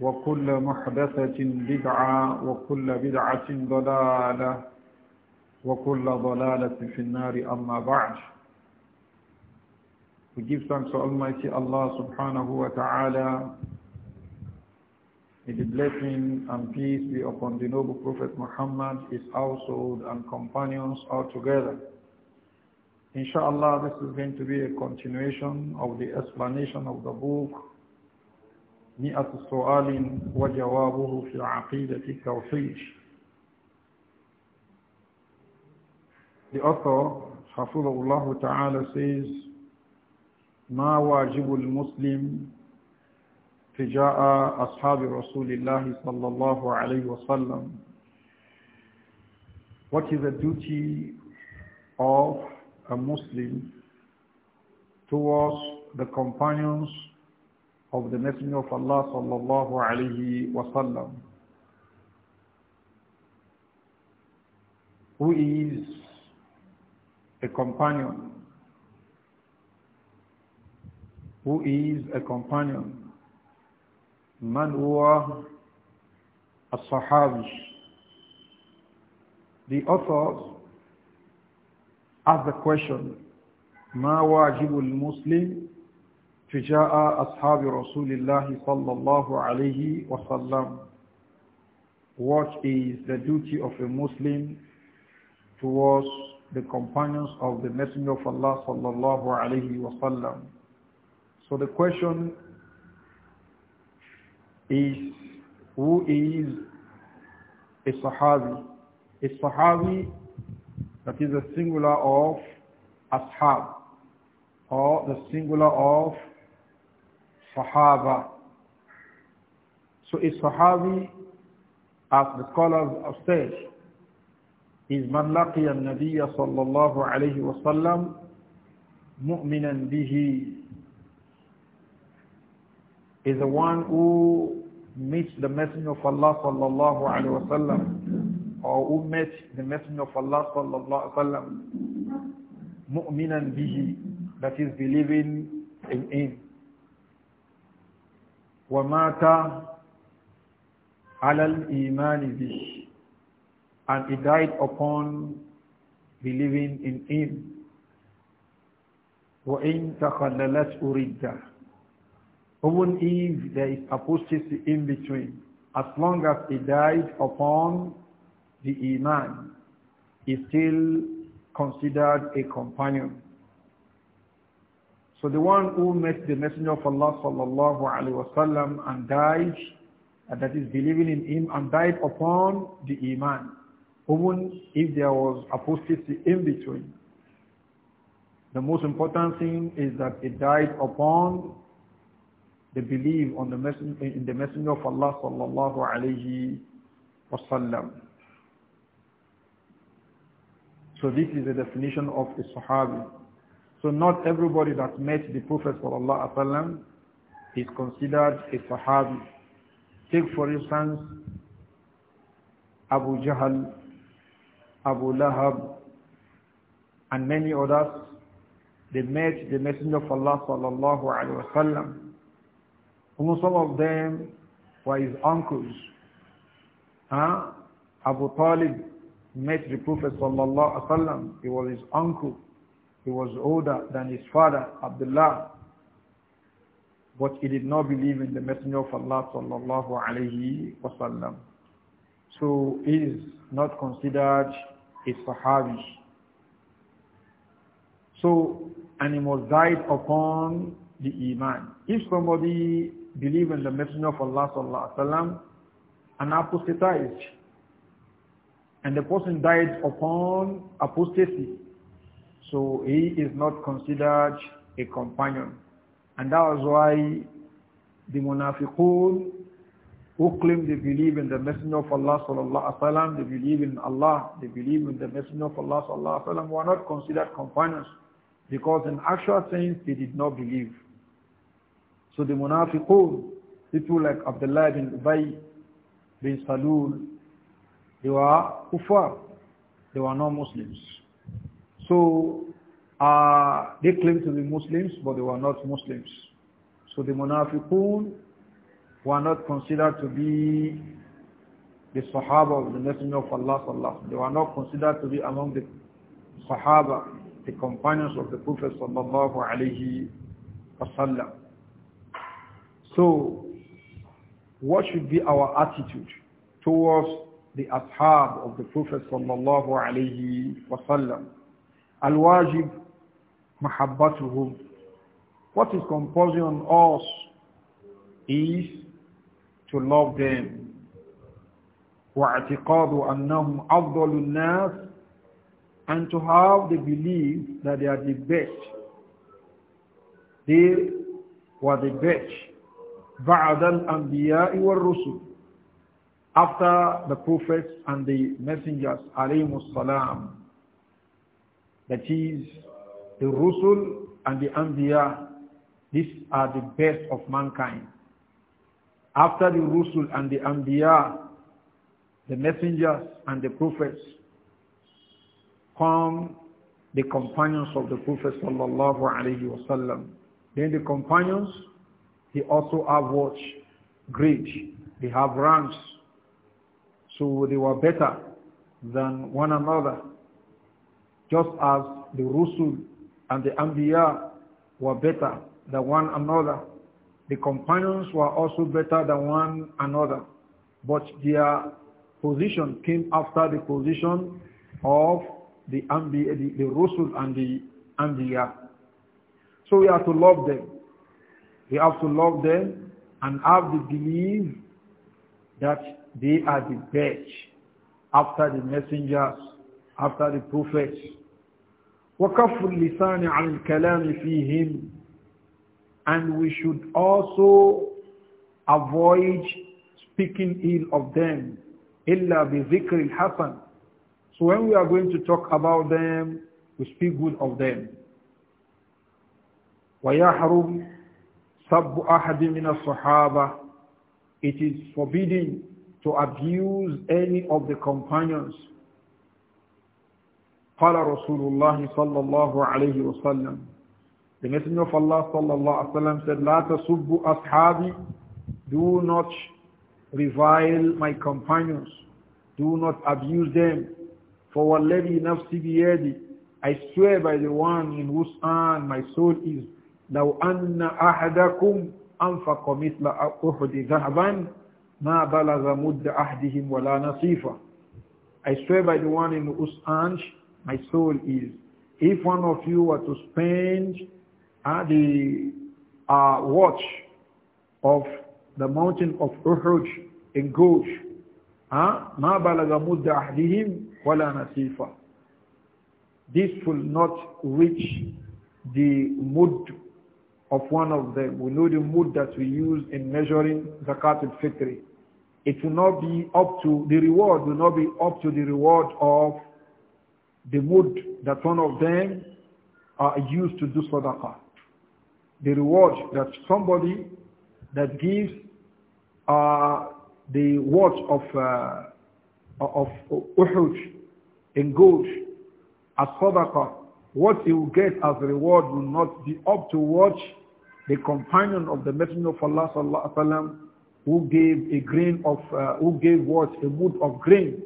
وكل محدثة بدعة وكل بدعة ضلالة وكل ضلالة في النار أما بعد We give thanks to Almighty Allah subhanahu wa ta'ala. May the blessing and peace be upon the noble Prophet Muhammad, his household and companions all together. Inshallah, this is going to be a continuation of the explanation of the book مئة سؤال وجوابه في العقيدة التوحيد The author حفظه الله تعالى says ما واجب المسلم تجاه أصحاب رسول الله صلى الله عليه وسلم What is the duty of a Muslim towards the companions of the Messenger of Allah sallallahu alaihi wasallam, who is a companion, who is a companion, man huwa as-sahabi, the authors ask the question, ما واجب المسلم شجاء أصحاب رسول الله صلى الله عليه وسلم What is the duty of a Muslim towards the companions of the Messenger of Allah الله عليه وسلم? So the question is, who is a Sahabi? A Sahabi that is the singular of Ashab or the singular of Sahaba. So a Sahabi, as the scholars have said, is man laqiya al-Nabiyya sallallahu alayhi wa sallam mu'minan bihi is the one who meets the Messenger of Allah sallallahu alayhi wa sallam or who met the Messenger of Allah sallallahu alayhi wa sallam mu'minan bihi that is believing in him ومات على الإيمان به and he died upon believing in him وإن تخللت ردة even if there is apostasy in between as long as he died upon the iman he still considered a companion so the one who met the Messenger of Allah sallallahu alayhi wasallam and died, and that is believing in him and died upon the iman, even if there was apostasy in between. The most important thing is that it died upon the belief on the messenger, in the Messenger of Allah sallallahu alayhi wasallam. So this is the definition of a Sahabi. So not everybody that met the Prophet ﷺ is considered a Sahabi. Take for instance, Abu Jahl, Abu Lahab, and many others. They met the Messenger of Allah sallallahu alaihi wasallam. Almost all of them were his uncles. Huh? Abu Talib met the Prophet sallallahu alaihi wasallam. He was his uncle. He was older than his father, Abdullah. But he did not believe in the Messenger of Allah sallallahu alayhi wasallam. So he is not considered a Sahabi. So, and he was died upon the Iman. If somebody believes in the Messenger of Allah sallallahu alayhi wasallam and apostatized, and the person died upon apostasy, so he is not considered a companion. And that was why the munafiqun who claim they believe in the Messenger of Allah sallallahu alaihi wasallam, they believe in Allah, they believe in the Messenger of Allah sallallahu alaihi wasallam, were not considered companions because in actual sense they did not believe. So the munafiqun, people like Abdullah bin Ubay bin Salul, they were kuffar, they were not Muslims. So uh, they claimed to be Muslims, but they were not Muslims. So the Munafiqun were not considered to be the Sahaba of the Messenger of Allah sallallahu They were not considered to be among the Sahaba, the companions of the Prophet sallallahu alaihi wasallam. So, what should be our attitude towards the ashab of the Prophet sallallahu alaihi wasallam? Al-wajib mahabbatuhum. What is compulsory on us is to love them. واعتقاد أنهم أفضل الناس and to have the belief that they are the best. They were the best. بعد الأنبياء والرسل after the prophets and the messengers alayhi salam that is, the Rusul and the Anbiya, these are the best of mankind. After the Rusul and the Anbiya, the messengers and the prophets, come the companions of the Prophet sallallahu alayhi wasallam. Then the companions, they also have watch, grade, they have ranks. So they were better than one another just as the Rusul and the Anbiya were better than one another. The companions were also better than one another, but their position came after the position of the Anbiya, the, the Rusul and the Anbiya. So we have to love them. We have to love them and have the belief that they are the best after the messengers after the Prophet. وَكَفْرُ اللِّسَانِ عَلِ الْكَلَامِ فِيهِمْ And we should also avoid speaking ill of them. إِلَّا بِذِكْرِ الْحَسَنِ So when we are going to talk about them, we speak good of them. وَيَحْرُمْ سَبُّ أَحَدٍ مِنَ الصَّحَابَةِ It is forbidden to abuse any of the companions قال رسول الله صلى الله عليه وسلم The Messenger of Allah صلى الله عليه وسلم said, لا تسبوا أصحابي Do not revile my companions. Do not abuse them. For والذي نفسي بيدي I swear by the one in whose hand my soul is, لو أن أحدكم أنفق مثل أحد ذهبا ما بلغ مد أحدهم ولا نصيفا. I swear by the one in whose hand my soul is, if one of you were to spend uh, the uh, watch of the mountain of Uhud in Ghosh, ما بلغ مد أحدهم ولا نصيفا This will not reach the mud of one of them. We know the mud that we use in measuring zakat al-fitri. It will not be up to, the reward will not be up to the reward of the wood that one of them are used to do sadaqah. The reward that somebody that gives uh, the watch of uh, of Uhud in gold as sadaqah, what he will get as reward will not be up to watch the companion of the Messenger of Allah sallallahu alaihi wasallam who gave a grain of uh, who gave what a wood of grain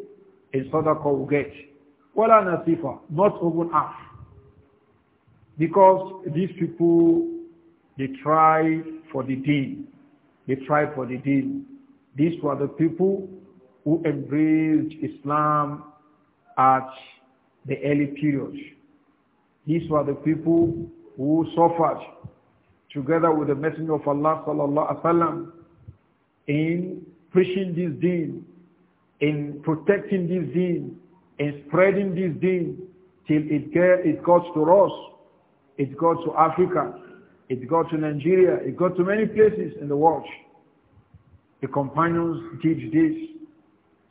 in sadaqah will get. Wala nasifa, not even half. Because these people, they try for the deen. They try for the deen. These were the people who embraced Islam at the early period. These were the people who suffered together with the Messenger of Allah sallallahu alaihi wasallam in preaching this deen, in protecting this deen, in spreading this deen till it, get, it got to us, it got to Africa, it got to Nigeria, it got to many places in the world. The companions did this.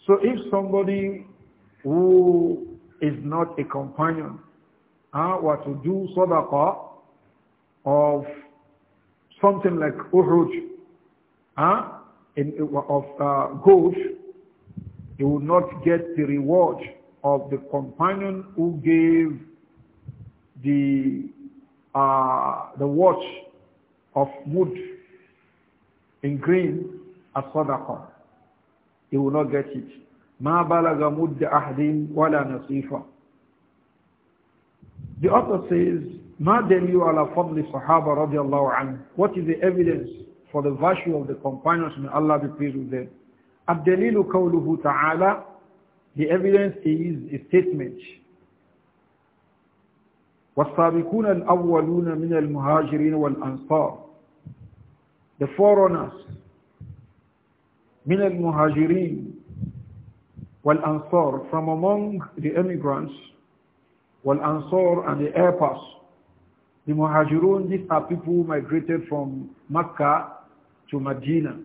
So if somebody who is not a companion uh, were to do sadaqah of something like uhruj, uh, in, of uh, gold, he would not get the reward of the companion who gave the uh, the watch of wood in green as sadaqah. He will not get it. Ma بلغ مد أحد ولا نصيفا. The author says, ما دليل على فضل الصحابة رضي الله عنه. What is the evidence for the virtue of the companions? May Allah be pleased with them. الدليل قوله تعالى the evidence is a statement. والسابقون الأولون من المهاجرين والأنصار The foreigners من المهاجرين والأنصار from among the immigrants والأنصار and the airpass the muhajirun these are people who migrated from Mecca to Medina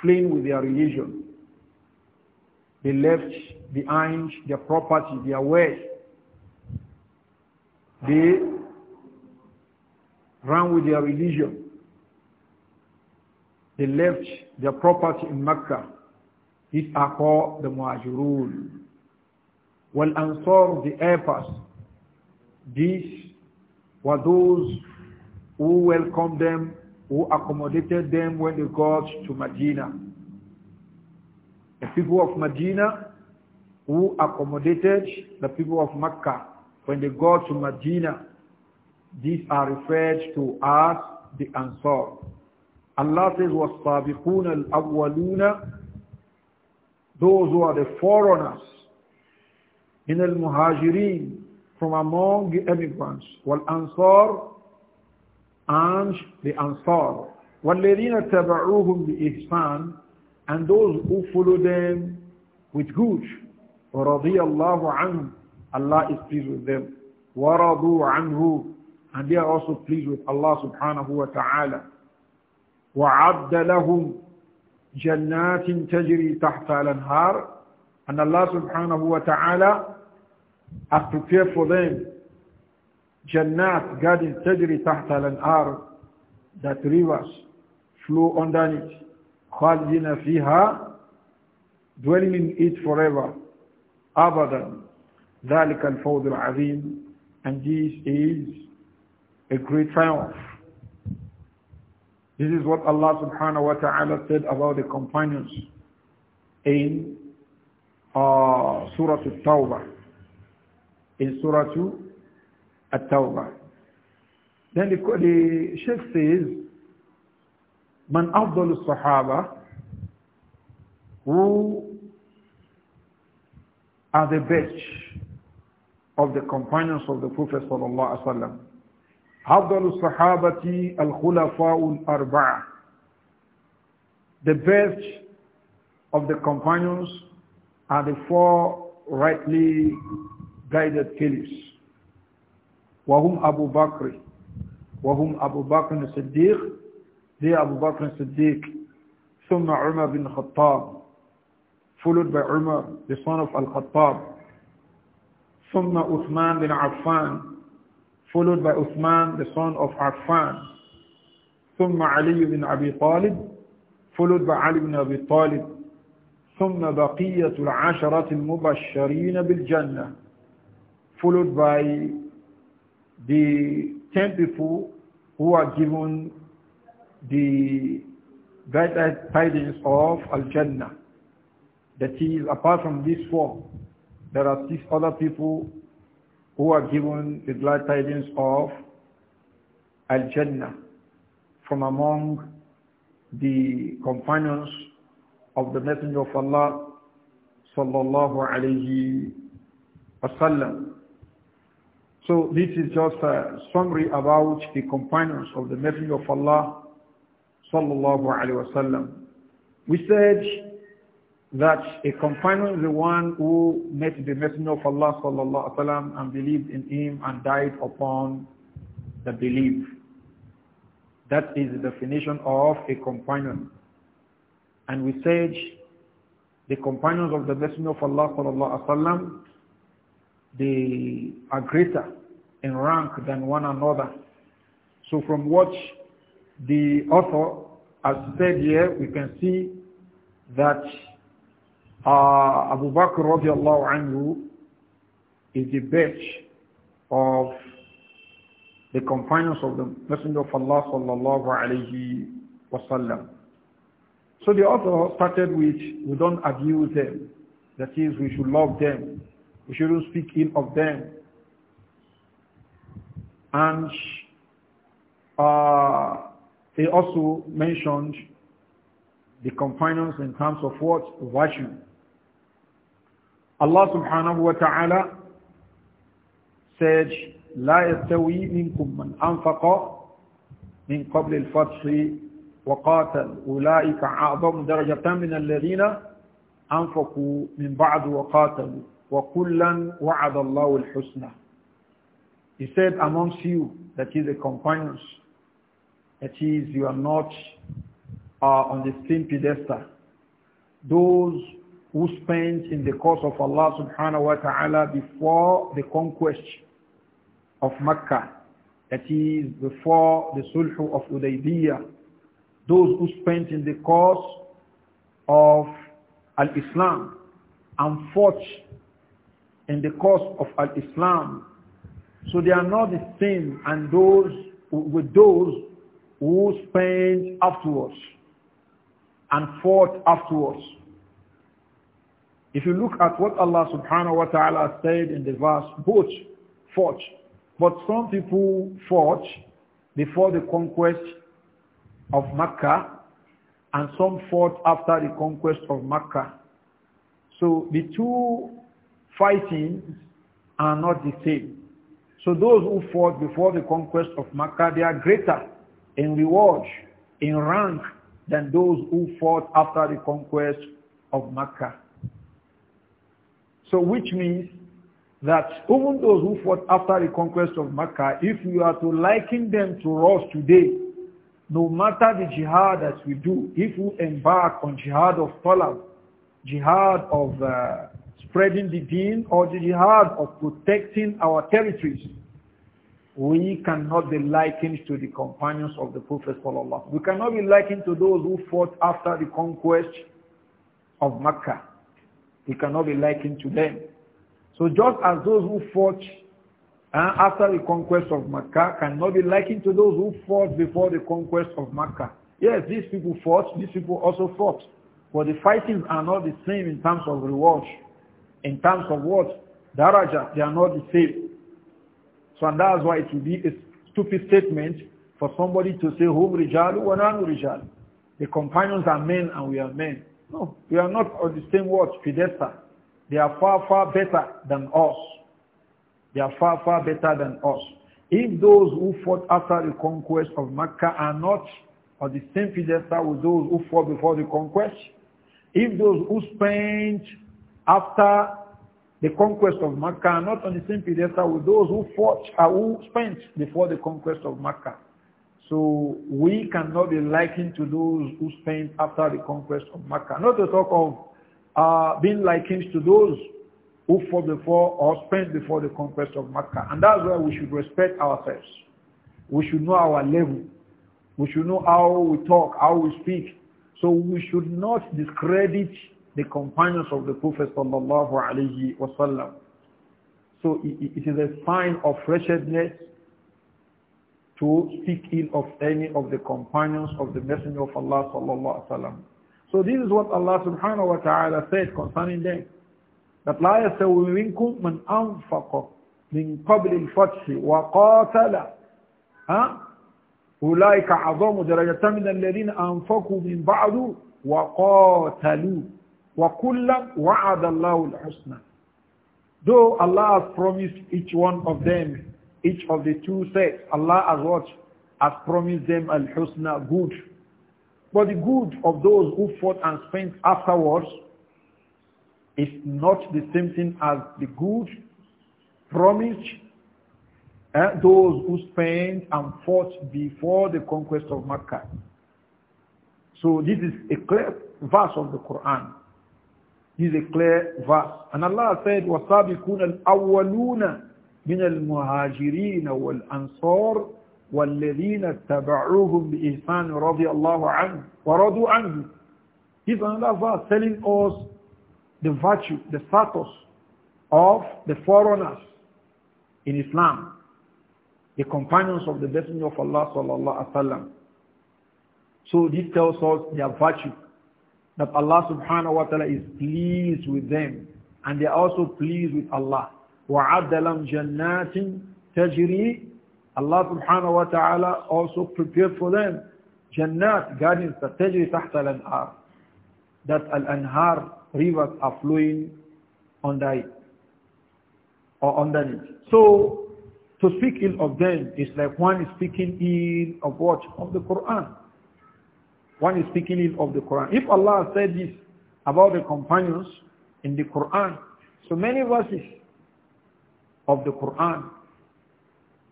fleeing with their religion they left behind their property, their wealth. They ran with their religion. They left their property in Mecca. These are called the Muajirun. Wal Ansar, the helpers. These were those who welcomed them, who accommodated them when they got to Medina the people of Medina who accommodated the people of Mecca when they go to Medina. These are referred to as the Ansar. Allah says, وَالصَّابِقُونَ الْأَوَّلُونَ Those who are the foreigners, in al-muhajirin, from among the emigrants, wal-ansar, and the ansar, وَالَّذِينَ تَبَعُوهُمْ بِإِحْسَانٍ and those who follow them with good. رضي الله عنه Allah is pleased with them. وَرَضُوا عَنْهُ And they are also pleased with Allah subhanahu wa ta'ala. وَعَبْدَ لَهُمْ جَنَّاتٍ تَجْرِي تَحْتَ الْأَنْهَارِ And Allah subhanahu wa ta'ala has prepared for them Jannat, gardens, تَجْرِي تَحْتَ الْأَنْهَارِ That rivers flow underneath. خالدين فيها dwelling in it forever أبدا ذلك الفوز العظيم and this is a great triumph this is what Allah subhanahu wa ta'ala said about the companions in uh, Surah At-Tawbah in Surah al tawbah then the, the Sheikh says من أفضل الصحابة who are the best of the companions of the Prophet صلى الله عليه وسلم أفضل الصحابة الخلفاء الأربعة the best of the companions are the four rightly guided caliphs وهم أبو بكر وهم أبو بكر الصديق دي أبو بكر الصديق ثم عمر بن الخطاب followed by Umar the son of Al-Khattab ثم Uthman bin Affan followed by Uthman the son of Affan ثم علي بن أبي طالب followed by Ali bin Abi Talib ثم بقية العشرة المبشرين بالجنة followed by the 10 people who are given the glad tidings of Al-Jannah. That is, apart from these four, there are six other people who are given the glad tidings of Al-Jannah from among the companions of the Messenger of Allah sallallahu alayhi wasallam. So this is just a summary about the companions of the Messenger of Allah sallallahu alaihi wasallam. We said that a companion is the one who met the Messenger of Allah sallallahu alaihi wasallam and believed in him and died upon the belief. That is the definition of a companion. And we said the companions of the Messenger of Allah sallallahu alaihi wasallam they are greater in rank than one another. So from what the author has said here, we can see that uh, Abu Bakr radiallahu anhu is the best of the companions of the Messenger of Allah sallallahu alayhi wasallam. So the author started with, we don't abuse them. That is, we should love them. We shouldn't speak ill of them. And uh, he also mentioned the companions in terms of what? Virtue. Allah subhanahu wa ta'ala said, لا يستوي منكم من أنفق من قبل الفتح وقاتل أولئك أعظم درجة من الذين أنفقوا من بعد وقاتلوا وكلا وعد الله الحسنى He said amongst you, that is the companions, that is, you are not uh, on the same pedestal. Those who spent in the cause of Allah subhanahu wa ta'ala before the conquest of Mecca, that is before the Sulh of Udaybiyah, those who spent in the cause of Al-Islam and fought in the cause of Al-Islam. So they are not the same and those with those who spent afterwards and fought afterwards. If you look at what Allah subhanahu wa ta'ala said in the verse, both fought. But some people fought before the conquest of Makkah and some fought after the conquest of Makkah. So the two fightings are not the same. So those who fought before the conquest of Makkah, they are greater in reward, in rank than those who fought after the conquest of Makkah. So which means that even those who fought after the conquest of Makkah, if you are to liken them to us today, no matter the jihad that we do, if we embark on jihad of talab, jihad of uh, spreading the deen, or the jihad of protecting our territories, we cannot be likened to the companions of the Prophet sallallahu We cannot be likened to those who fought after the conquest of Mecca. We cannot be likened to them. So just as those who fought uh, after the conquest of Mecca cannot be likened to those who fought before the conquest of Mecca. Yes, these people fought, these people also fought. But the fightings are not the same in terms of reward. In terms of what? Daraja, they are not the same. So and that's why it would be a stupid statement for somebody to say, Hum rijalu wa nanu The companions are men and we are men. No, we are not on the same watch, pedestal. They are far, far better than us. They are far, far better than us. If those who fought after the conquest of Mecca are not on the same pedestal with those who fought before the conquest, if those who spent after the conquest of Makkah are not on the same pedestal with those who fought uh, who spent before the conquest of Makkah. So we cannot be likened to those who spent after the conquest of Makkah. Not to talk of uh, being likened to those who fought before or spent before the conquest of Makkah. And that's why we should respect ourselves. We should know our level. We should know how we talk, how we speak. So we should not discredit the companions of the Prophet sallallahu alaihi wasallam. So it is a sign of wretchedness to speak ill of any of the companions of the Messenger of Allah sallallahu So this is what Allah subhanahu wa ta'ala said concerning them. That لا يستوي منكم من أنفق من قبل الفتح وقاتل أولئك أعظم درجة من الذين أنفقوا من بعد وقاتلوا وَكُلًّا وَعَدَ اللَّهُ husna. Though Allah has promised each one of them, each of the two sets, Allah has what? Has promised them al-husna, good. But the good of those who fought and spent afterwards is not the same thing as the good promised eh, those who spent and fought before the conquest of Makkah. So this is a clear verse of the Quran. This is a clear verse. And Allah said, وَصَابِكُونَ الْأَوَّلُونَ مِنَ الْمُهَاجِرِينَ وَالْأَنصَارِ وَالَّذِينَ اتَّبَعُوهُمْ بِإِحْسَانٍ رَضِيَ اللَّهُ عَنْهُ وَرَضُوا عَنْهُ This is another verse telling us the virtue, the status of the foreigners in Islam, the companions of the destiny of Allah sallallahu alaihi wasallam. So this tells us their virtue, that Allah subhanahu wa ta'ala is pleased with them and they are also pleased with Allah. وَعَدَّ لَمْ جَنَّاتٍ تَجْرِي Allah subhanahu wa ta'ala also prepared for them jannat, gardens that تَجْرِي تَحْتَ anhar. that al-anhar rivers are flowing on it or underneath. So to speak ill of them is like one is speaking ill of what? Of the Quran one is speaking it of the Quran. If Allah said this about the companions in the Quran, so many verses of the Quran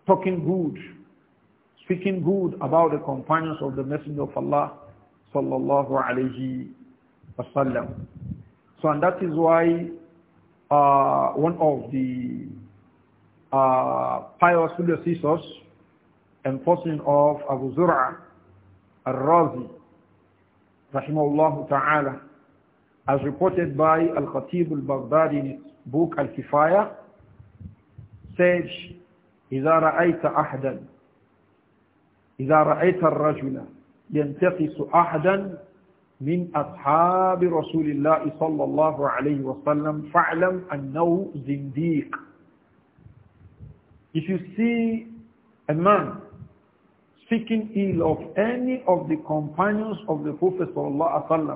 talking good, speaking good about the companions of the Messenger of Allah sallallahu alayhi wasallam. So and that is why uh, one of the uh, pious predecessors and person of Abu Zur'a al-Razi رحمه الله تعالى as reported by Al-Khatib al-Baghdadi in his book Al-Kifaya, says, إذا رأيت أحدا إذا رأيت الرجل ينتقص أحدا من أصحاب رسول الله صلى الله عليه وسلم فاعلم أنه زنديق If you see a man speaking ill of any of the companions of the Prophet sallallahu alaihi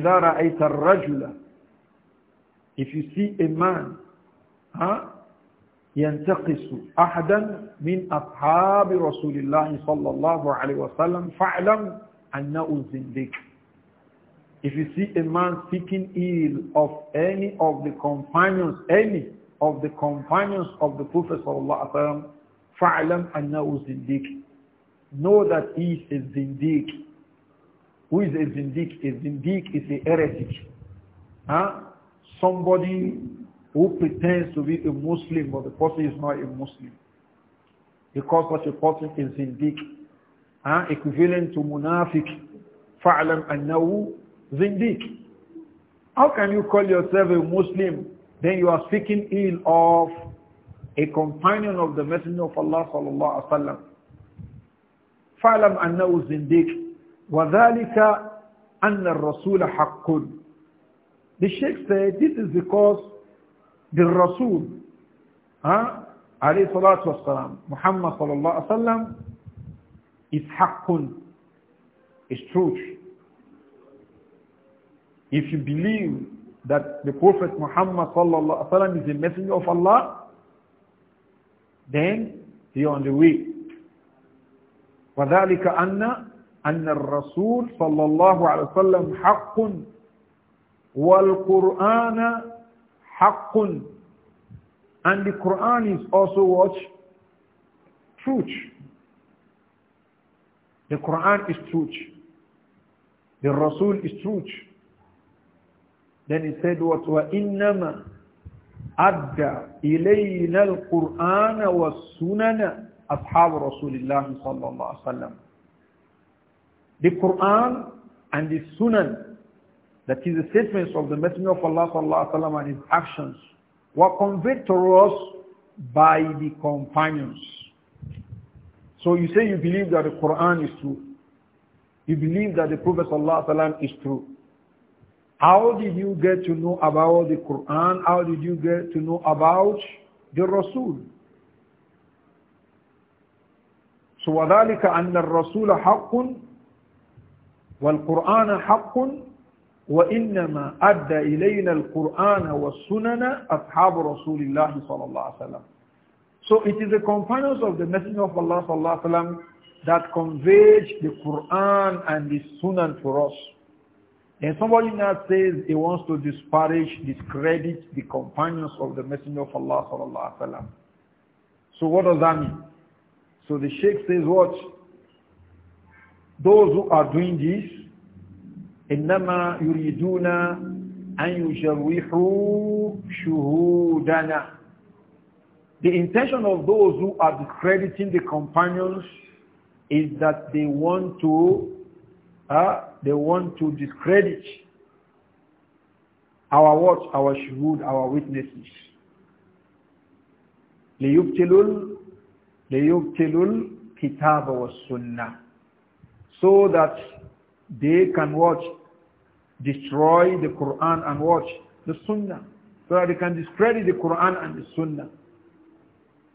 wasallam. If you see a man, huh, ينتقص أحدا من أصحاب رسول الله صلى الله عليه وسلم فاعلم أنه الزنديق. If you see a man speaking ill of any of the companions, any of the companions of the Prophet sallallahu alaihi wasallam, فاعلم أنه الزنديق know that he is a zindiq. Who is a zindiq? A zindik is a heretic. Huh? Somebody who pretends to be a Muslim but the person is not a Muslim. Because such a person is zindiq. Huh? Equivalent to munafiq. فَعْلَمْ أَنَّهُ zindiq. How can you call yourself a Muslim? Then you are speaking ill of a companion of the Messenger of Allah sallallahu alaihi wasallam. فاعلم أنه زنديق وذلك أن الرسول حق The Sheikh said this is because the Rasul huh, عليه الصلاة والسلام Muhammad صلى الله عليه وسلم is حق is truth If you believe that the Prophet Muhammad sallallahu alaihi wasallam is a messenger of Allah, then you're on the way. وذلك أن أن الرسول صلى الله عليه وسلم حق والقرآن حق and the Quran is also what? Truth. The Quran is truth. The Rasul is truth. Then he said what? وَإِنَّمَا أَدَّى إِلَيْنَا الْقُرْآنَ وَالسُّنَنَ ashab Rasulullah sallallahu alaihi The Quran and the Sunan, that is the statements of the Messenger of Allah sallallahu alaihi and his actions, were conveyed to us by the companions. So you say you believe that the Quran is true. You believe that the Prophet sallallahu is true. How did you get to know about the Quran? How did you get to know about the Rasul? سوى ذلك أن الرسول حق والقرآن حق وإنما أدى إلينا القرآن والسنن أصحاب رسول الله صلى الله عليه وسلم. So it is the companions of the Messenger of Allah صلى الله عليه وسلم that conveyed the Quran and the Sunan for us. And somebody now says he wants to disparage, discredit the companions of the Messenger of Allah صلى الله عليه وسلم. So what does that mean? So the Sheikh says what? Those who are doing this, إنما يريدون أن يجرحوا شهودنا. The intention of those who are discrediting the companions is that they want to uh, they want to discredit our what? Our shuhud, our witnesses. ليبتلوا لِيُبْتِلُ الْكِتَابَ وَالسُّنَّةِ So that they can watch, destroy the Quran and watch the Sunnah. So that they can discredit the Quran and the Sunnah.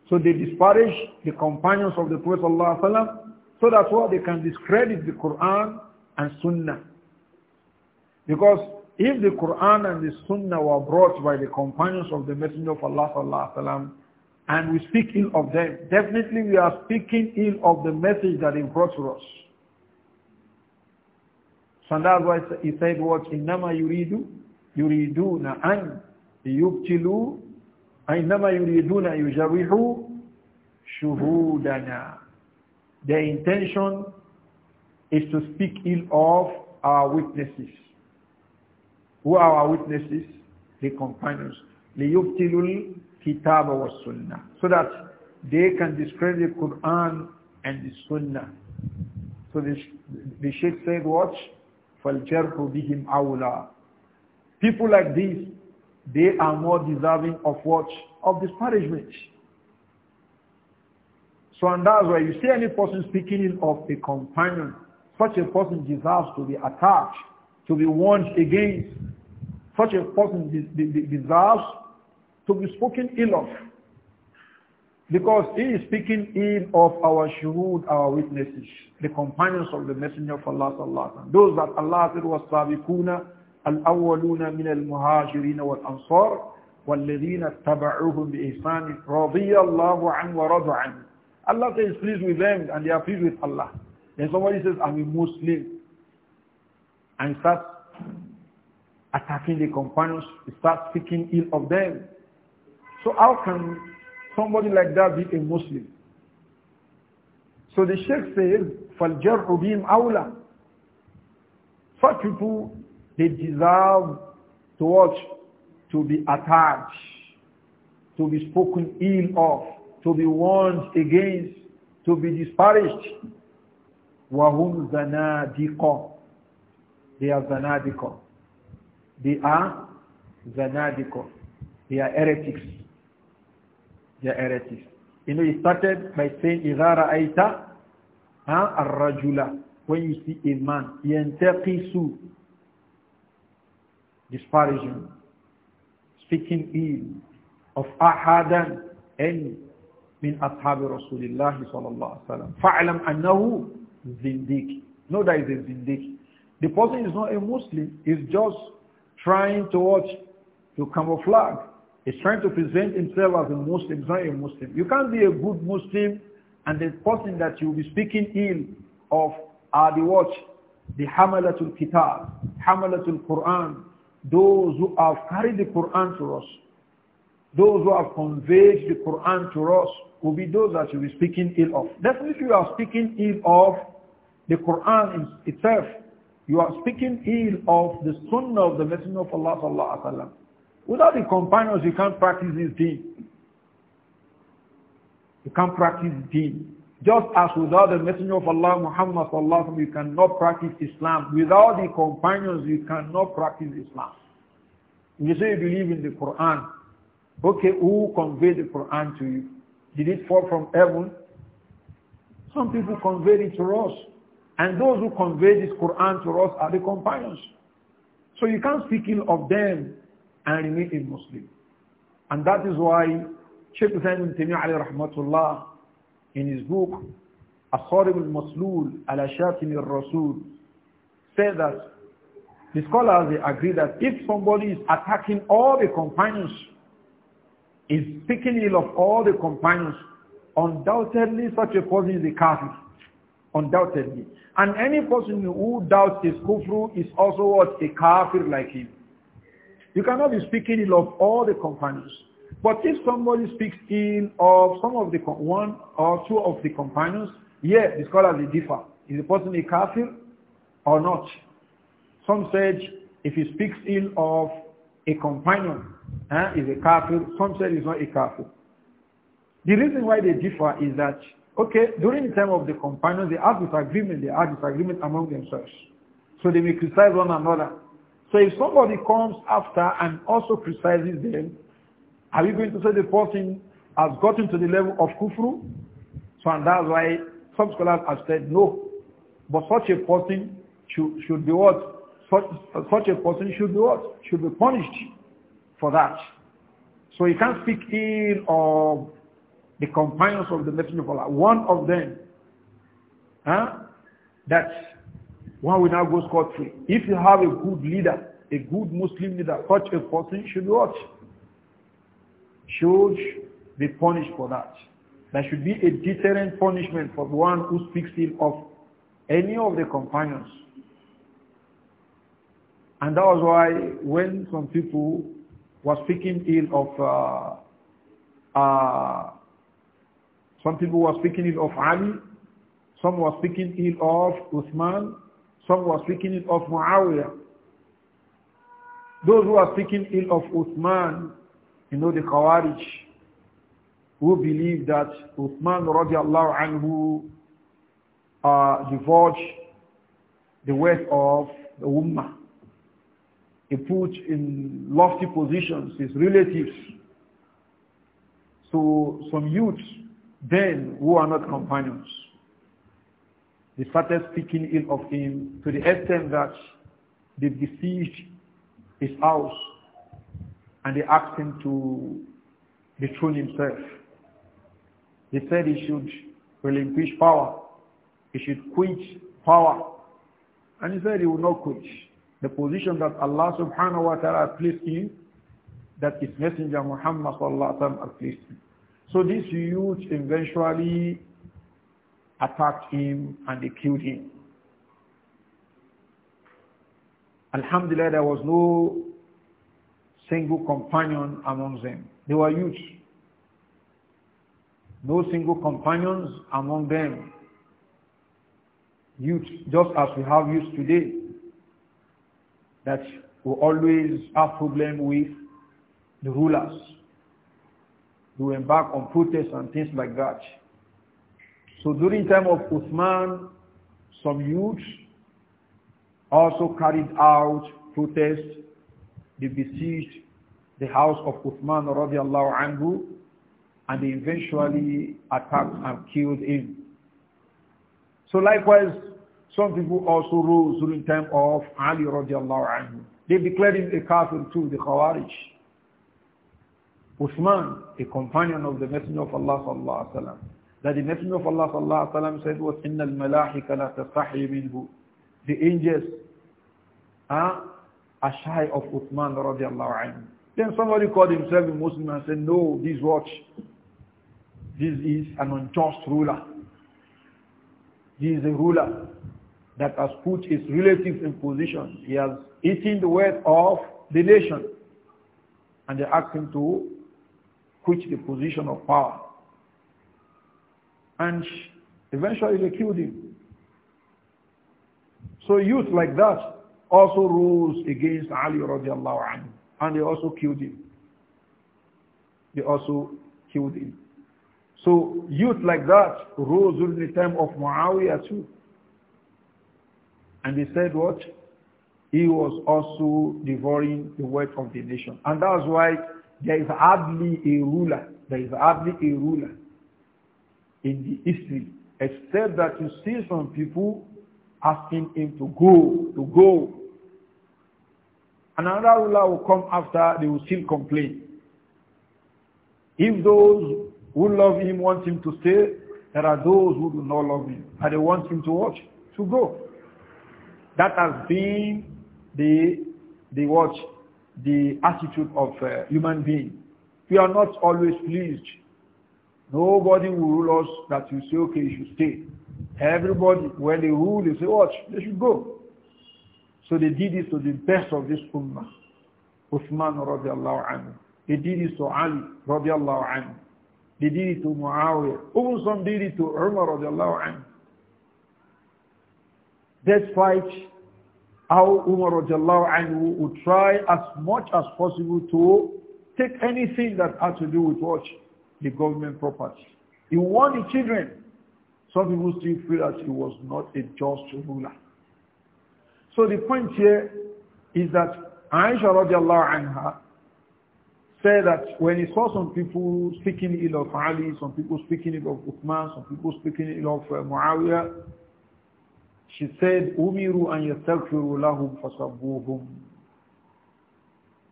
So they disparage the companions of the Prophet ﷺ so that why they can discredit the Quran and Sunnah. Because if the Quran and the Sunnah were brought by the companions of the Messenger of Allah sallallahu alaihi wasallam, and we speak ill of them, definitely we are speaking ill of the message that they brought to us. So that's why he said what? إِنَّمَا يُرِيدُ يُرِيدُونَ أَنْ يُبْتِلُوا إِنَّمَا yuriduna yujarihu شُهُودَنَا Their intention is to speak ill of our witnesses. Who are our witnesses? The companions. لِيُبْتِلُوا Kitab wa Sunnah so that they can describe the Quran and the Sunnah. So the, the Sheikh said, watch, فَالْجَرْحُ بِهِمْ أَوْلَى People like these, they are more deserving of what? Of disparagement. So and that's why you see any person speaking of a companion, such a person deserves to be attacked, to be warned against. Such a person deserves to be spoken ill of. Because he is speaking ill of our shuhud, our witnesses, the companions of the Messenger of Allah sallallahu Those that Allah said was sabiquna al-awwaluna min al-muhajirin wal-ansar والذين اتبعوهم بإحسان رضي الله عنه ورضوا عنه Allah says pleased with them and they are pleased with Allah. Then somebody says, I'm a Muslim. And starts attacking the companions, starts speaking ill of them. So how can somebody like that be a Muslim? So the Sheikh says, فَالْجَرْعُ بِهِمْ أَوْلَى Such people, they deserve to watch, to be attached, to be spoken ill of, to be warned against, to be disparaged. وَهُمْ زَنَادِقَ They are zanadika. They are zanadika. They are heretics their heretics. You know, he started by saying, إِذَا a rajula." When you see a man, يَنْتَقِسُ Disparaging, speaking ill, of أَحَدًا any min ashab Rasulullah sallallahu alaihi wasallam. Fa'lam annahu zindiq. No, that is a zindiq. The person is not a Muslim. He's just trying to watch to camouflage He's trying to present himself as a Muslim, he's not a Muslim. You can't be a good Muslim and the person that you'll be speaking ill of are the watch, the Hamalatul Kitab, Hamalatul Quran, those who have carried the Quran to us, those who have conveyed the Quran to us will be those that you'll be speaking ill of. Definitely you are speaking ill of the Quran itself. You are speaking ill of the Sunnah of the Messenger of Allah sallallahu alaihi wasallam. Without the companions, you can't practice this thing. You can't practice deen. Just as without the Messenger of Allah, Muhammad sallallahu you cannot practice Islam. Without the companions, you cannot practice Islam. You say you believe in the Quran. Okay, who conveyed the Quran to you? Did it fall from heaven? Some people conveyed it to us. And those who conveyed this Quran to us are the companions. So you can't speak ill of them and Muslim. And that is why Sheikh Hussain ibn Taymiyyah rahmatullah in his book Akharib al-Maslul ala Shatim al-Rasul said that the scholars they agree that if somebody is attacking all the companions, is speaking ill of all the companions, undoubtedly such a person is a kafir. Undoubtedly. And any person who doubts his kufru is also what? A kafir like him. You cannot be speaking ill of all the companions. But if somebody speaks ill of some of the one or two of the companions, yeah, the scholars they differ. Is the person a kafir or not? Some said if he speaks ill of a companion, eh, is a kafir. Some said he's not a kafir. The reason why they differ is that, okay, during the time of the companions, they have disagreement, they have disagreement among themselves. So they may criticize one another. So if somebody comes after and also criticizes them, are we going to say the person has gotten to the level of kufru? So and that's why some scholars have said no. But such a person should, should be what? Such, such a person should be what? Should be punished for that. So you can't speak ill of the companions of the Messenger of Allah. One of them huh, that one will now go scot-free. If you have a good leader, a good Muslim leader, such a person should what Should be punished for that. There should be a deterrent punishment for the one who speaks ill of any of the companions. And that was why when some people were speaking ill of, uh, uh, some people were speaking ill of Ali, some were speaking ill of Uthman, some were speaking ill of Muawiyah. Those who are speaking ill of Uthman, you know the Khawarij, who believe that Uthman radiallahu anhu uh, divulged the wealth of the Ummah. He put in lofty positions his relatives. So some youths then who are not companions. They started speaking ill of him to the extent that they besieged his house and they asked him to dethrone himself. They said he should relinquish power. He should quit power. And he said he would not quit. The position that Allah subhanahu wa ta'ala placed him, that his messenger Muhammad sallallahu alaihi wasallam placed him. So this huge, eventually attacked him and they killed him. Alhamdulillah, there was no single companion among them. They were youth. No single companions among them. Youth, just as we have youth today, that we always have problem with the rulers We embark on protests and things like that. So during time of Uthman, some youths also carried out protests. They besieged the house of Uthman radiallahu anhu and they eventually attacked and killed him. So likewise, some people also rose during time of Ali radiallahu anhu. They declared him a kafir too, the Khawarij. Uthman, a companion of the Messenger of Allah sallallahu alaihi wasallam that the Messenger of Allah sallallahu alaihi wasallam said was inna al-malahika la tastahi minhu. The angels are, are shy of Uthman radiallahu anhu. Then somebody called himself a Muslim and said, no, this watch, this is an unjust ruler. This is a ruler that has put his relatives in position. He has eaten the wealth of the nation. And they asked him to quit the position of power. And eventually they killed him. So youth like that also rose against Ali radiallahu anhu. And they also killed him. They also killed him. So youth like that rose during the time of Muawiyah too. And they said what? He was also devouring the wealth of the nation. And that's why there is hardly a ruler. There is hardly a ruler in the history, except that you see some people asking him to go, to go. Another ruler will come after, they will still complain. If those who love him want him to stay, there are those who do not love him, and they want him to watch, to go. That has been the, the watch, the attitude of uh, human being. We are not always pleased Nobody will rule us that you say, okay, you should stay. Everybody, when they rule, they say, watch, they should go. So they did this to the best of this ummah. Uthman radiallahu anhu. They did this to Ali radiallahu anhu. They did it to Muawiyah. Even some did it to Umar radiallahu anhu. Despite how Umar radiallahu anhu would try as much as possible to take anything that had to do with watch the government property. He warned the children. Some people still feel that he was not a just ruler. So the point here is that Aisha radiallahu anha said that when he saw some people speaking ill of Ali, some people speaking ill of Uthman, some people speaking ill of uh, Muawiyah, she said, Umiru an yastaghfiru lahum fasabbuhum.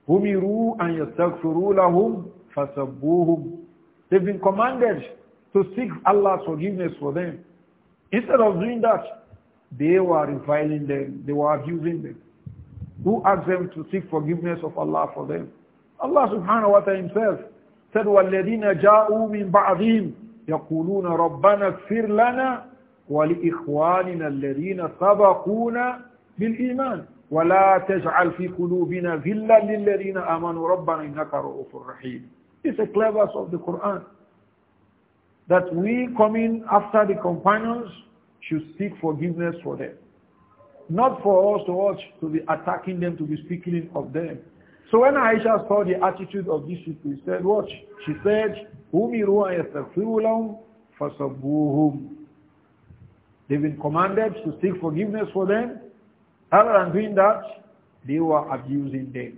Umiru an yastaghfiru lahum fasabbuhum. They've been commanded to seek Allah's forgiveness for them. Instead of doing that, they were reviling them, they were abusing them. Who asked them to seek forgiveness of Allah for them? Allah subhanahu wa ta'ala himself said, وَالَّذِينَ جَاءُوا مِن بَعْضِهِمْ يَقُولُونَ رَبَّنَا اغْفِرْ لَنَا وَلِإِخْوَانِنَا الَّذِينَ سَبَقُونَا بِالْإِيمَانِ وَلَا تَجْعَلْ فِي قُلُوبِنَا غِلًّا لِلَّذِينَ آمَنُوا رَبَّنَا إِنَّكَ رَءُوفٌ رَحِيمٌ it's a clever of the Quran. That we coming after the companions should seek forgiveness for them. Not for us to watch, to be attacking them, to be speaking of them. So when Aisha saw the attitude of these people, she said, watch. She said, أُمِرُوا أَيَسْتَغْفِرُوا لَهُمْ فَصَبُّوهُمْ They've been commanded to seek forgiveness for them. Other than doing that, they were abusing them.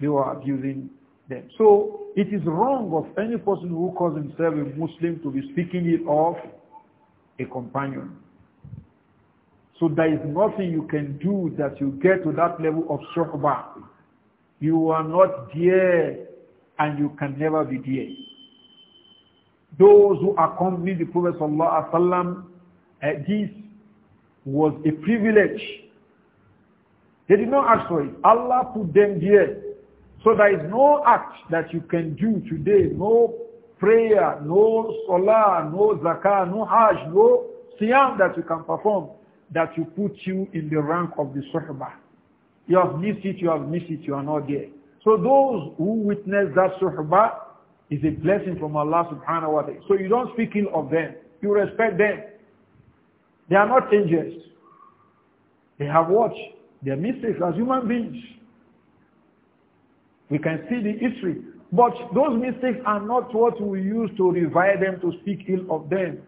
They were abusing them. So it is wrong of any person who calls himself a Muslim to be speaking it of a companion. So there is nothing you can do that you get to that level of sohbah. You are not there and you can never be there. Those who accompanied the Prophet Sallallahu uh, this was a privilege. They did not ask for it. Allah put them there. So there is no act that you can do today, no prayer, no salah, no zakah, no hajj, no siyam that you can perform that will put you in the rank of the suhbah. You have missed it, you have missed it, you are not there. So those who witness that suhbah is a blessing from Allah subhanahu wa ta'ala. So you don't speak ill of them. You respect them. They are not angels. They have They are mistakes as human beings. We can see the history. But those mistakes are not what we use to revile them, to speak ill of them.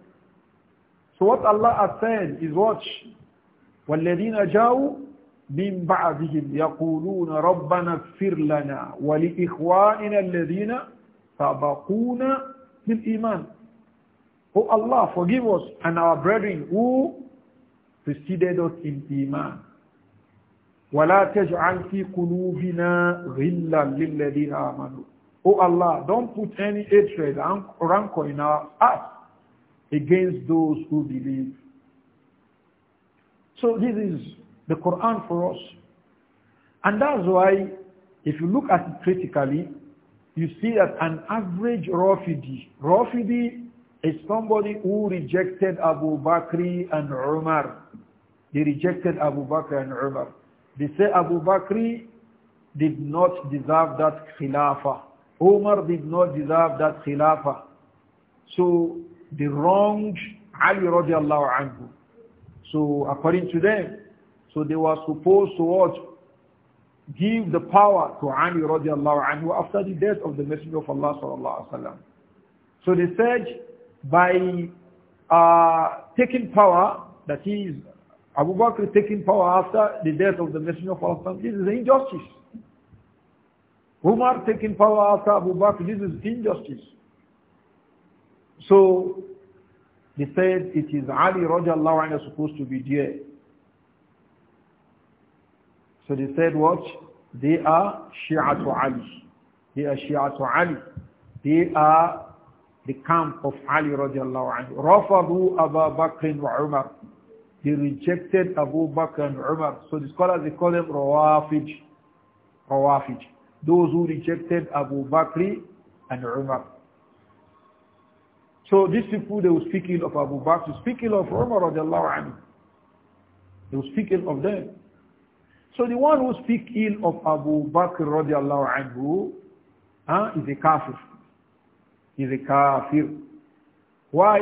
So what Allah has said is what? وَالَّذِينَ جَاءُوا مِنْ بَعْدِهِمْ يَقُولُونَ رَبَّنَا اغْفِرْ لَنَا وَلِإِخْوَانِنَا الَّذِينَ سَبَقُونَا بِالْإِيمَانِ Oh Allah, forgive us and our brethren who preceded us in Iman. وَلَا تَجْعَلْ فِي قُلُوبِنَا غِلًّا لِلَّذِينَ آمَنُوا Oh Allah, don't put any hatred and rancor in our hearts against those who believe. So this is the Quran for us. And that's why, if you look at it critically, you see that an average Rafidi, Rafidi is somebody who rejected Abu Bakr and Umar. They rejected Abu Bakr and Umar. They say Abu Bakr did not deserve that khilafah. Umar did not deserve that khilafah. So the wrong Ali radiallahu anhu. So according to them, so they were supposed to what? Give the power to Ali radiallahu anhu after the death of the Messenger of Allah sallallahu alaihi wasallam. So they said by uh, taking power, that is Abu Bakr taking power after the death of the Messenger of Allah. This is injustice. Umar taking power after Abu Bakr. This is injustice. So they said it is Ali radiallahu anhu supposed to be there. So they said what? They are Shia to Ali. They are Shia to Ali. They are the camp of Ali radiallahu anhu. Rafadu Abu Bakr wa Umar. They rejected Abu Bakr and Umar. So the scholars, they call them Rawafij. Rawafij. Those who rejected Abu Bakr and Umar. So these people, they were speaking of Abu Bakr, speaking of Umar radiallahu anhu. They were speaking of them. So the one who speak ill of Abu Bakr radiallahu anhu huh, is a kafir. Is a kafir. Why?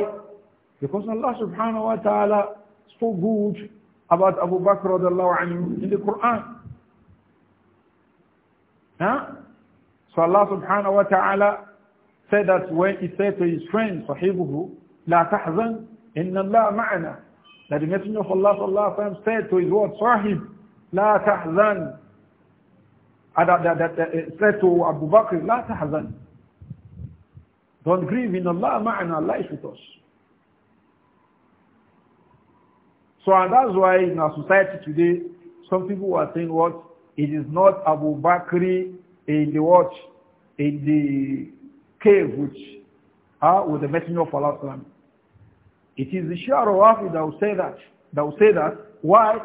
Because Allah subhanahu wa ta'ala so good about Abu Bakr anhu in the Quran. Huh? So Allah subhanahu wa ta'ala said that when he said to his friend, Sahibuhu, La tahzan, inna Allah ma'ana. That the Messenger of Allah sallallahu alayhi wa said to his word, Sahib, La tahzan. Ah, that, that, that, that uh, said to Abu Bakr, La tahzan. Don't grieve, in Allah ma'ana, Allah is with us. So and that's why in our society today, some people are saying what? It is not Abu Bakr in the watch, in the cave which uh, ah, with the messenger of Allah. It is the Shia Rawafi that will say that. That will say that. Why?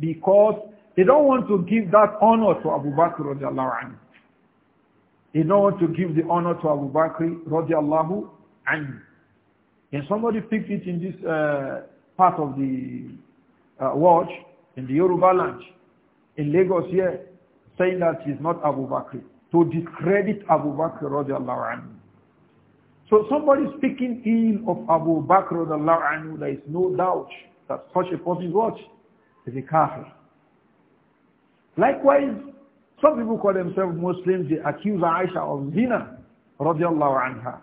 Because they don't want to give that honor to Abu Bakr radiallahu anhu. They don't want to give the honor to Abu Bakr radiallahu anhu. And somebody picked it in this uh, part of the uh, watch in the Yoruba land, in Lagos here, saying that he's not Abu Bakr, to discredit Abu Bakr radiallahu anhu. So somebody speaking ill of Abu Bakr radiallahu anhu, there is no doubt that such a person is a kafir. Likewise, some people call themselves Muslims, they accuse Aisha of zina radiallahu anha.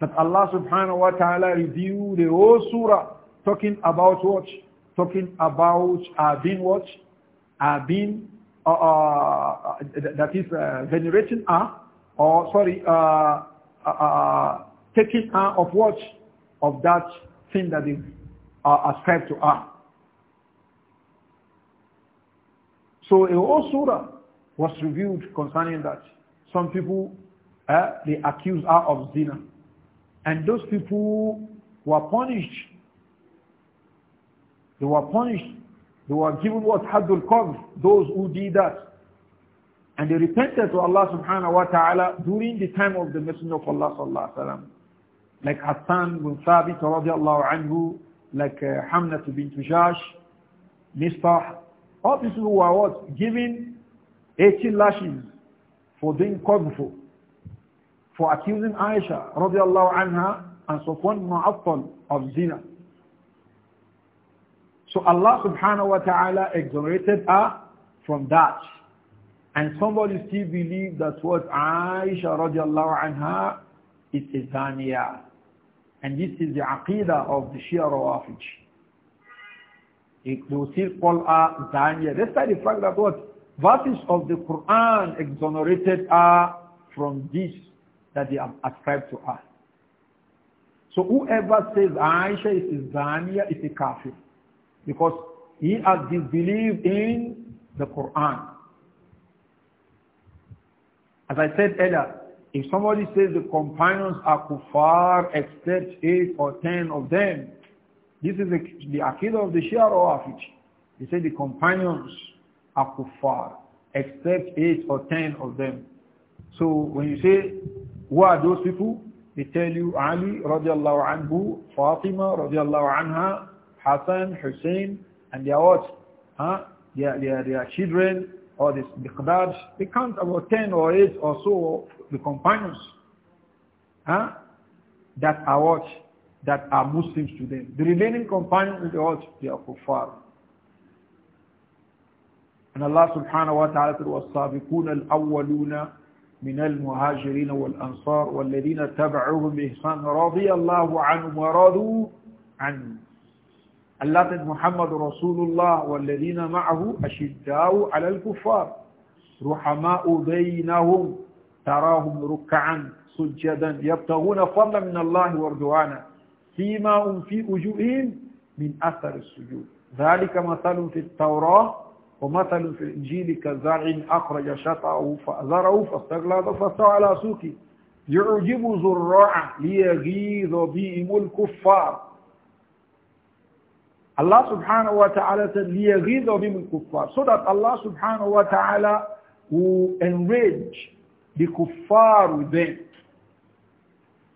That Allah subhanahu wa ta'ala revealed the whole surah Talking about what? Talking about uh, being what? Uh, being, uh, uh, uh that is uh, venerating her, or sorry, uh, uh, taking her of what? Of that thing that is ascribed to her. So a whole surah was revealed concerning that. Some people, they accuse her of zina. And those people were punished they were punished. They were given what haddul qadr, those who did that. And they repented to Allah subhanahu wa ta'ala during the time of the Messenger of Allah sallallahu alaihi wasallam. Like Hassan bin Thabit radiallahu anhu, like uh, Hamna bin Tujash, Mistah, all people who were what? Given 18 lashes for doing qadfu, for accusing Aisha radiallahu anha and Safwan ibn of zina. So Allah subhanahu wa ta'ala exonerated her from that. And somebody still believes that what Aisha radiallahu anha is a zaniya. And this is the aqidah of the Shia Rawafij. They will still call her zaniya. Despite the fact that what? Verses of the Quran exonerated her from this that they have ascribed to her. So whoever says Aisha is a zaniya is a kafir. Because he has disbelieved in the Quran. As I said earlier, if somebody says the companions are kuffar except eight or ten of them, this is the, the of the Shia or Afij. He said the companions are kuffar except eight or ten of them. So when you say, who are those people? They tell you Ali radiallahu anhu, Fatima radiallahu anha, Hassan, Hussein, and their what? Huh? Their, their, their children, or this Miqdad, they count about 10 or 8 or so the companions huh? that are what? That are Muslims to them. The remaining companions, they are what? They are kuffar. And Allah subhanahu wa ta'ala said, وَالصَّابِقُونَ الْأَوَّلُونَ من المهاجرين والأنصار والذين تبعوهم بإحسان رضي الله عنهم ورضوا عنه Allah محمد رسول الله والذين معه أشداء على الكفار رحماء بينهم تراهم ركعا سجدا يبتغون فضلا من الله ورضوانا فيما هم في وجوههم من أثر السجود ذلك مثل في التوراة ومثل في الإنجيل كزرع أخرج شطأه فأزرعه فاستغلظ فاستوى على سوقه يعجب زراعا ليغيظ بهم الكفار Allah subhanahu wa ta'ala said, لِيَغِيظَ بِهِمُ kuffar," So that Allah subhanahu wa ta'ala will enrage the kuffar with them.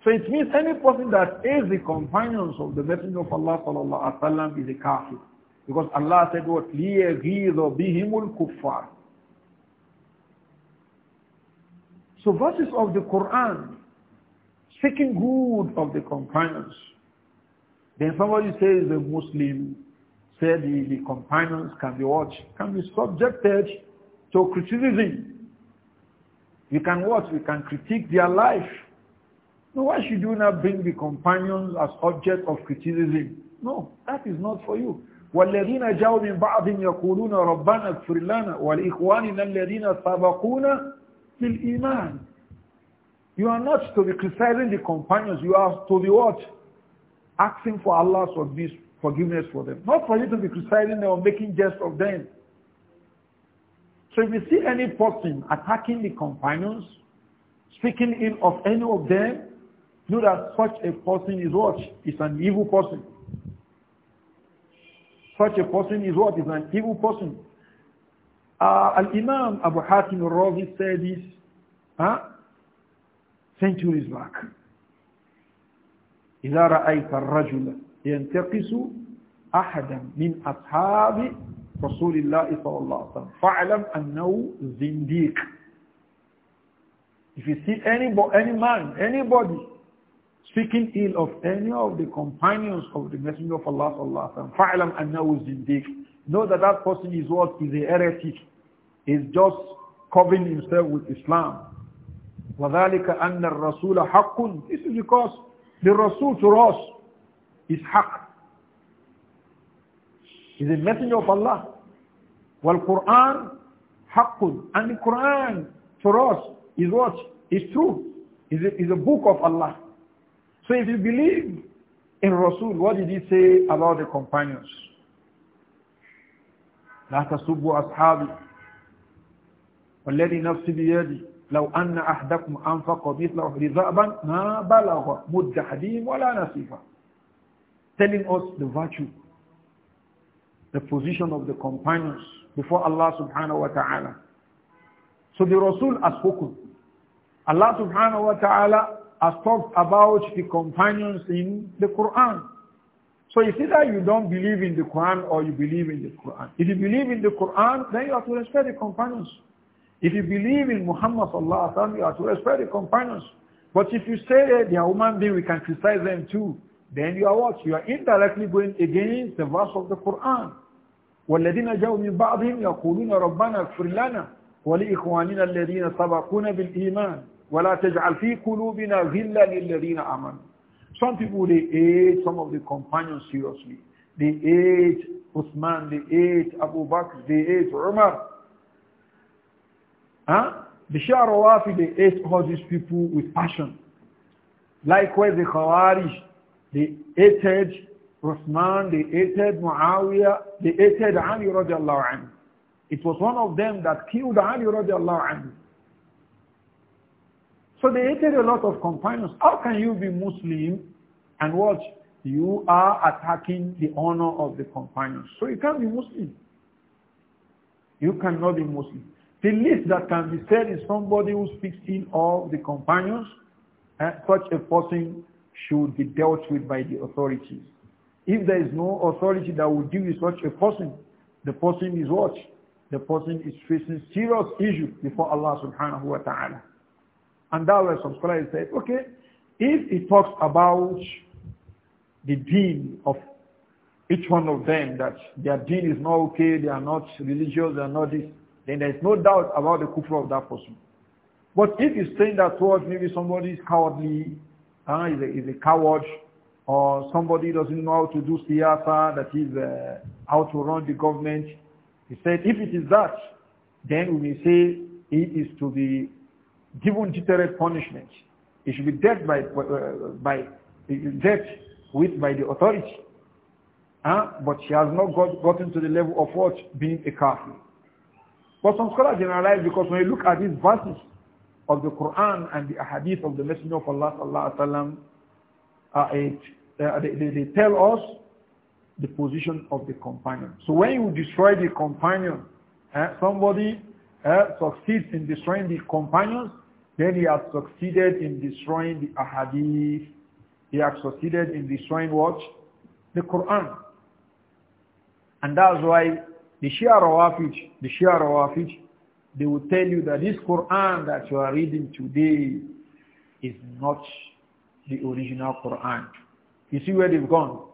So it means any person that is the companions of the Messenger of Allah sallallahu alaihi wasallam is a kafir. Because Allah said what? لِيَغِيظَ بِهِمُ kuffar." So verses of the Quran seeking good of the companions then somebody says the Muslim, said the, the companions can be watched, can be subjected to criticism. You can watch, you can critique their life. No, why should you not bring the companions as object of criticism? No, that is not for you. والذين جاءوا من بعضهم يقولون ربنا اغفر لنا ولإخواننا الذين سبقونا بالإيمان. You are not to be criticizing the companions, you are to be what? asking for Allah's forgiveness for them. Not for you to be criticizing them or making jest of them. So if you see any person attacking the companions, speaking ill of any of them, know that such a person is what? Is an evil person. Such a person is what? Is an evil person. Uh, Al-Imam Abu Hatim al-Razi said this huh? centuries back. إذا رأيت الرجل ينتقص أحدا من أصحاب رسول الله صلى الله عليه وسلم فاعلم أنه زنديق If you see any, any man, anybody speaking ill of any of the companions of the Messenger of Allah الله عليه وسلم فاعلم أنه زنديق Know that that person is what is a heretic. He's just covering himself with Islam. وذلك أن الرسول حق. This is because The Rasul to us is haqq. He's a messenger of Allah. Well, Quran, haqqun. And the Quran for us is what? Is true. Is a, is a book of Allah. So if you believe in Rasul, what did he say about the companions? لا تسبوا أصحابي والذي نفسي بيدي لو أن أحدكم أنفق مثل أحد ما بلغ مد حديم ولا نصيفا telling us the virtue the position of the companions before Allah subhanahu wa ta'ala so the Rasul has spoken Allah subhanahu wa ta'ala has talked about the companions in the Quran so it's either you don't believe in the Quran or you believe in the Quran if you believe in the Quran then you have to respect the companions if you believe in Muhammad sallallahu alaihi wasallam, you are to respect the companions. But if you say they are human beings, we can criticize them too. Then you are what? You are indirectly going against the verse of the Quran. والذين جاءوا من بعضهم يقولون ربنا اغفر لنا ولإخواننا الذين سبقونا بالإيمان ولا تجعل في قلوبنا غلا للذين آمنوا. Some people they hate some of the companions seriously. They hate Uthman, they hate Abu Bakr, they hate Umar. Huh? The Shia they ate all these people with passion. Likewise, the Khawarij, they hated Uthman, they hated Muawiyah, they hated Ali radiallahu anhu. It was one of them that killed Ali radiallahu anhu. So they hated a lot of companions. How can you be Muslim and watch? You are attacking the honor of the companions. So you can't be Muslim. You cannot be Muslim. The least that can be said is somebody who speaks in all the companions, eh, such a person should be dealt with by the authorities. If there is no authority that will deal with such a person, the person is what? The person is facing serious issue before Allah subhanahu wa ta'ala. And that was some scholars said, okay, if it talks about the deen of each one of them, that their deen is not okay, they are not religious, they are not this, then there is no doubt about the kufr of that person. But if you saying that towards maybe somebody is cowardly, uh, is, a, is a coward, or somebody doesn't know how to do siyasa, that is uh, how to run the government, he said if it is that, then we may say it is to be given deterrent punishment. It should be dealt by, uh, by dealt with by the authority. Huh? But she has not got, gotten to the level of what? Being a kafir. But some scholars generalize because when you look at these verses of the Quran and the ahadith of the Messenger of Allah sallallahu alaihi wasallam, uh, uh, they, they, they tell us the position of the companion. So when you destroy the companion, uh, somebody uh, succeeds in destroying the companions, then he has succeeded in destroying the ahadith. He has succeeded in destroying what? The Quran. And that's why the Shia Rawafij, the Shia Rawafij, they will tell you that this Quran that you are reading today is not the original Quran. You see where they've gone?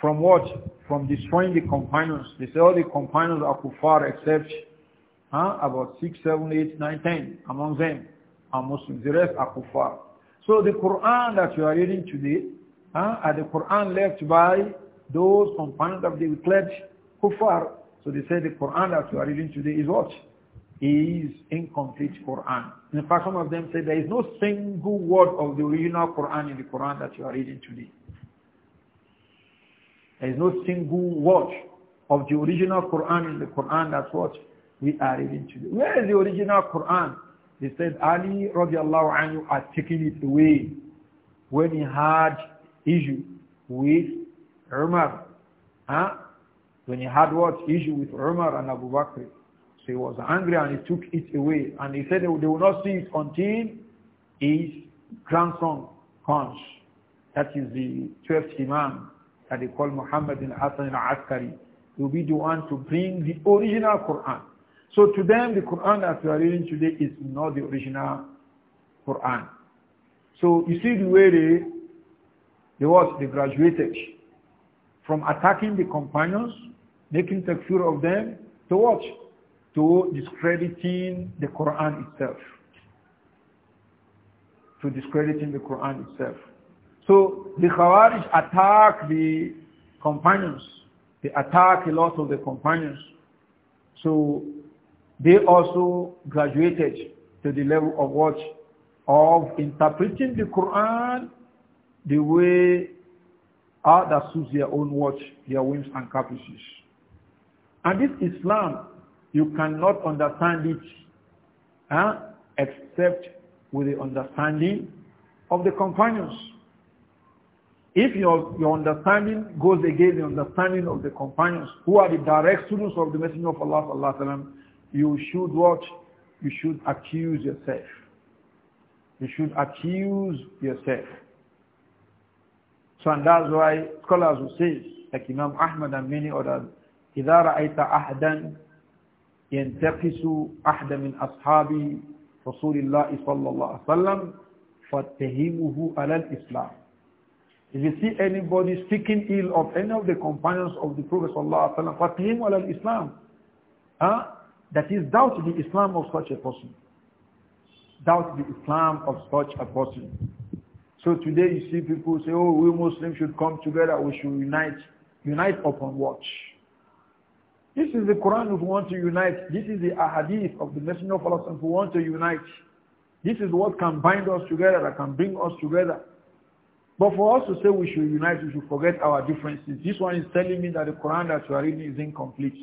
From what? From destroying the companions. They say all the companions are kuffar except huh, about 6, 7, 8, 9, 10 among them are Muslims. The rest are kuffar. So the Quran that you are reading today huh, are the Quran left by those companions that they declared kuffar. So they say the Quran that you are reading today is what? Is incomplete Quran. In fact, some of them say there is no single word of the original Quran in the Quran that you are reading today. There is no single word of the original Quran in the Quran that's what we are reading today. Where is the original Quran? They said Ali radiallahu anhu had taken it away when he had issue with Umar. Huh? When he had what issue with Umar and Abu Bakr. So he was angry and he took it away. And he said they will not see it until his grandson comes. That is the 12th Imam that they call Muhammad bin Hassan al-Askari. He will be the one to bring the original Quran. So to them, the Quran that we are reading today is not the original Quran. So you see the way they, they was, they graduated from attacking the companions making takfir of them to watch, To discrediting the Quran itself. To discrediting the Quran itself. So the Khawarij attack the companions. They attack a lot of the companions. So they also graduated to the level of what? Of interpreting the Quran the way others suits their own watch, their whims and caprices. And this Islam, you cannot understand it huh, except with the understanding of the companions. If your, your understanding goes against the understanding of the companions, who are the direct students of the Messenger of Allah, وسلم, you should what? You should accuse yourself. You should accuse yourself. So and that's why scholars will say, like Imam Ahmad and many others, إذا رأيت أحدا ينتقص من أصحاب رسول الله صلى الله عليه وسلم على الإسلام If you see anybody speaking ill of any of the companions of the Prophet sallallahu alaihi wasallam, islam huh? that is doubt the Islam of such a person. Doubt the Islam of such a person. So today you see people say, oh, we Muslims should come together, we should unite. Unite upon watch. This is the Quran if we want to unite. This is the ahadith of the Messenger of Allah if we want to unite. This is what can bind us together, that can bring us together. But for us to say we should unite, we should forget our differences. This one is telling me that the Quran that you are reading is incomplete.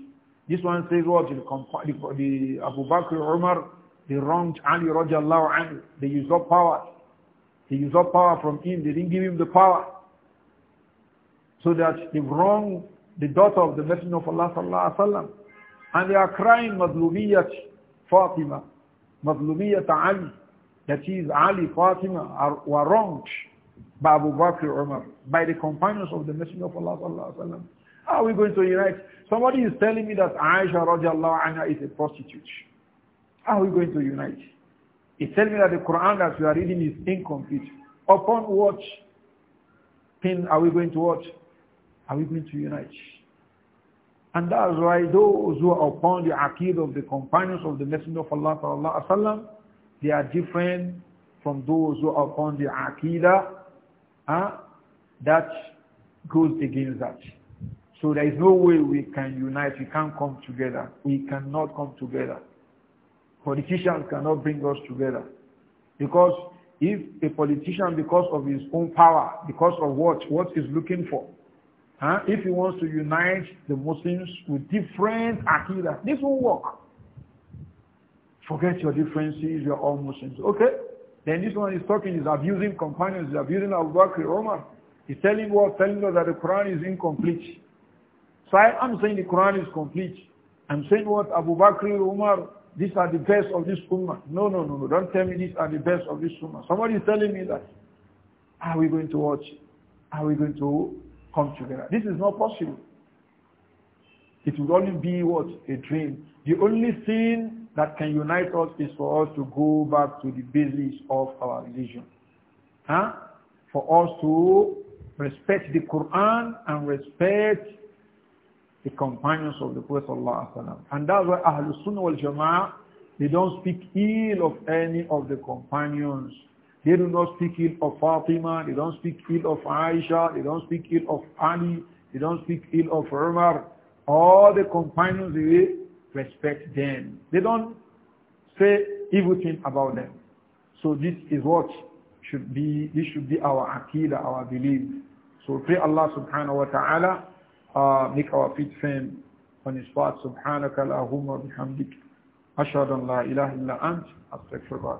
This one says what? The, the, the Abu Bakr Umar, the wronged Ali radiallahu anhu. They used up power. They used up power from him. They didn't give him the power. So that the wrong the daughter of the Messenger of Allah sallallahu alaihi wasallam, and they are crying Madlubiyat Fatima, Madlubiyat Ali, that is Ali Fatima are, were wronged by Abu Bakr Umar, by the companions of the Messenger of Allah sallallahu alaihi wasallam. How are we going to unite? Somebody is telling me that Aisha radiallahu anha is a prostitute. How are we going to unite? He's telling me that the Quran that we are reading is incomplete. Upon what thing are we going to watch? Are we going to unite? And that is why those who are upon the aqid of the companions of the Messenger of Allah sallallahu alaihi wasallam, they are different from those who are upon the aqidah huh, that goes against that. So there is no way we can unite. We can't come together. We cannot come together. Politicians cannot bring us together. Because if a politician, because of his own power, because of what, what is looking for, Huh? If he wants to unite the Muslims with different akidah, this won't work. Forget your differences, you're all Muslims. Okay? Then this one is talking, is abusing companions, he's abusing Abu Bakr, Omar. He's telling what? Telling us that the Quran is incomplete. So I, am saying the Quran is complete. I'm saying what Abu Bakr, Omar, these are the best of this Ummah. No, no, no, no. Don't tell me these are the best of this Ummah. Somebody is telling me that. Are we going to watch? Are we going to come together. This is not possible. It will only be what? A dream. The only thing that can unite us is for us to go back to the basis of our religion. Huh? For us to respect the Quran and respect the companions of the Prophet ﷺ. And that's why Ahlul Sunnah wal Jama'ah, they don't speak ill of any of the companions they do not speak ill of Fatima. They don't speak ill of Aisha. They don't speak ill of Ali. They don't speak ill of Umar. All the companions, they respect them. They don't say evil thing about them. So this is what should be, this should be our aqidah, our belief. So pray Allah subhanahu wa ta'ala, uh, make our feet firm on his path. Subhanaka Allahumma bihamdik. أشهد أن لا إله إلا أنت أستغفرك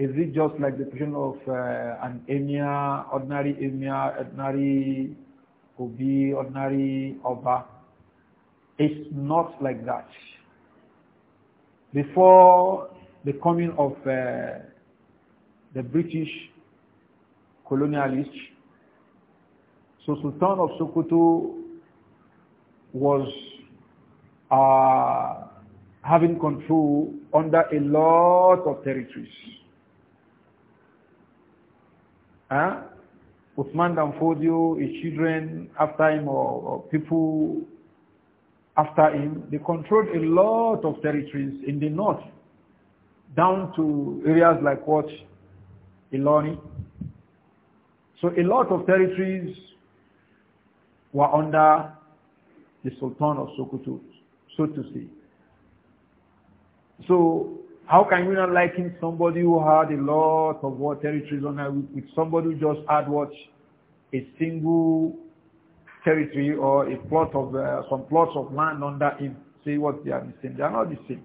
Is it just like the position of uh, an emir, ordinary emir, ordinary obi, ordinary oba? It's not like that. Before the coming of uh, the British colonialists, so Sultan of Sokoto was uh, having control under a lot of territories. Huh? Usman Danfodio, his children after him or, or people after him, they controlled a lot of territories in the north, down to areas like what? Ilani. So a lot of territories were under the Sultan of Sokoto, so to say. So how can you not liken somebody who had a lot of what territories on her with somebody who just had what a single territory or a plot of uh, some plots of land under him? Say what they are the same. They are not the same.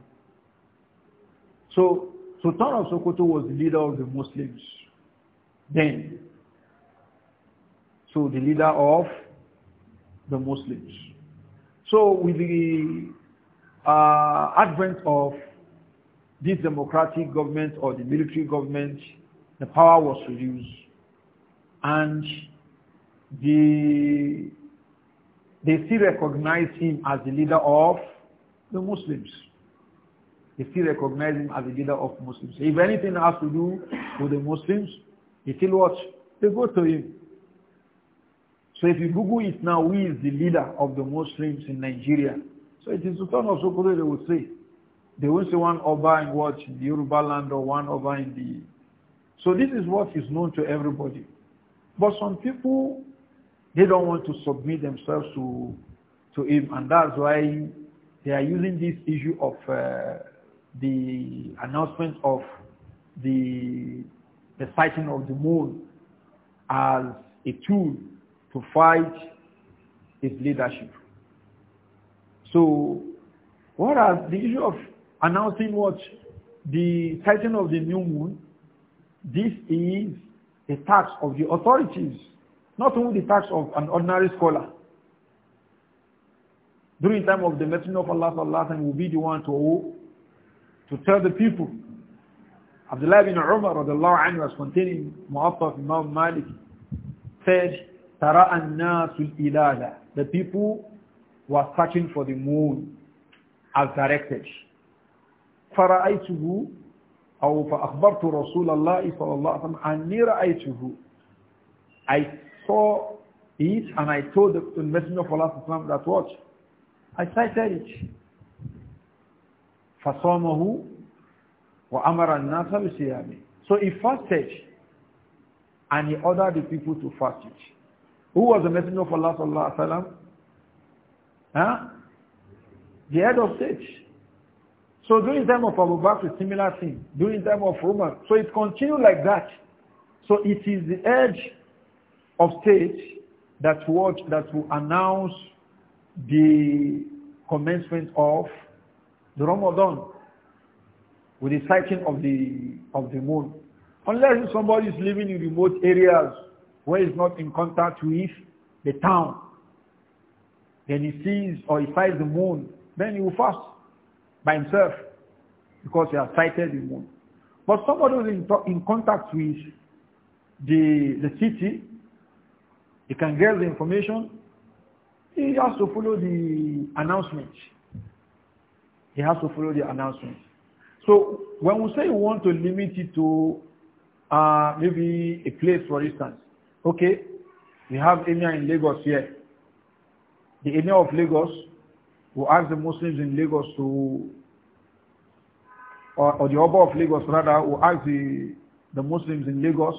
So Sultan of Sokoto was the leader of the Muslims then. So the leader of the Muslims. So with the uh, advent of this democratic government or the military government, the power was reduced and the, they still recognize him as the leader of the Muslims. They still recognize him as the leader of Muslims. If anything has to do with the Muslims, they still watch. They go to him. So if you Google it now, who is the leader of the Muslims in Nigeria? So it is the son of Sokoto they will say. They will say one over in what? In the Yoruba land or one over in the... So this is what is known to everybody. But some people, they don't want to submit themselves to, to him. And that's why they are using this issue of uh, the announcement of the, the sighting of the moon as a tool to fight his leadership. So, what are the issue of announcing what? The sighting of the new moon. This is the tax of the authorities, not only the tax of an ordinary scholar. During time of the Messenger of Allah, Allah will be the one to, to tell the people. Abdullah bin Umar anhu, was containing Mu'attaf Imam Malik said, Tara an-nasul ilala. The people were searching for the moon as directed. فرأيته أو فأخبرت رسول الله صلى الله عليه وسلم أني رأيته I saw it and I told the Messenger of Allah Islam that watch. I said it. فصامه وأمر الناس بصيامه So he fasted and he ordered the people to fast it. Who was the Messenger of Allah Sallallahu Huh? The head of state. So during time of Abu Bakr, similar thing. During time of Umar. So it continued like that. So it is the edge of stage that what that will announce the commencement of the Ramadan with the sighting of the of the moon. Unless somebody is living in remote areas where he's not in contact with the town, then he sees or he finds the moon, then he will fast. by himself because he has cited in one. But somebody who is in, in contact with the, the city, he can get the information. He has to follow the announcement. He has to follow the announcement. So when we say we want to limit it to uh, maybe a place, for instance, okay, we have emir in Lagos here. The emir of Lagos will ask the Muslims in Lagos to or, or the Oba of Lagos rather will ask the, the Muslims in Lagos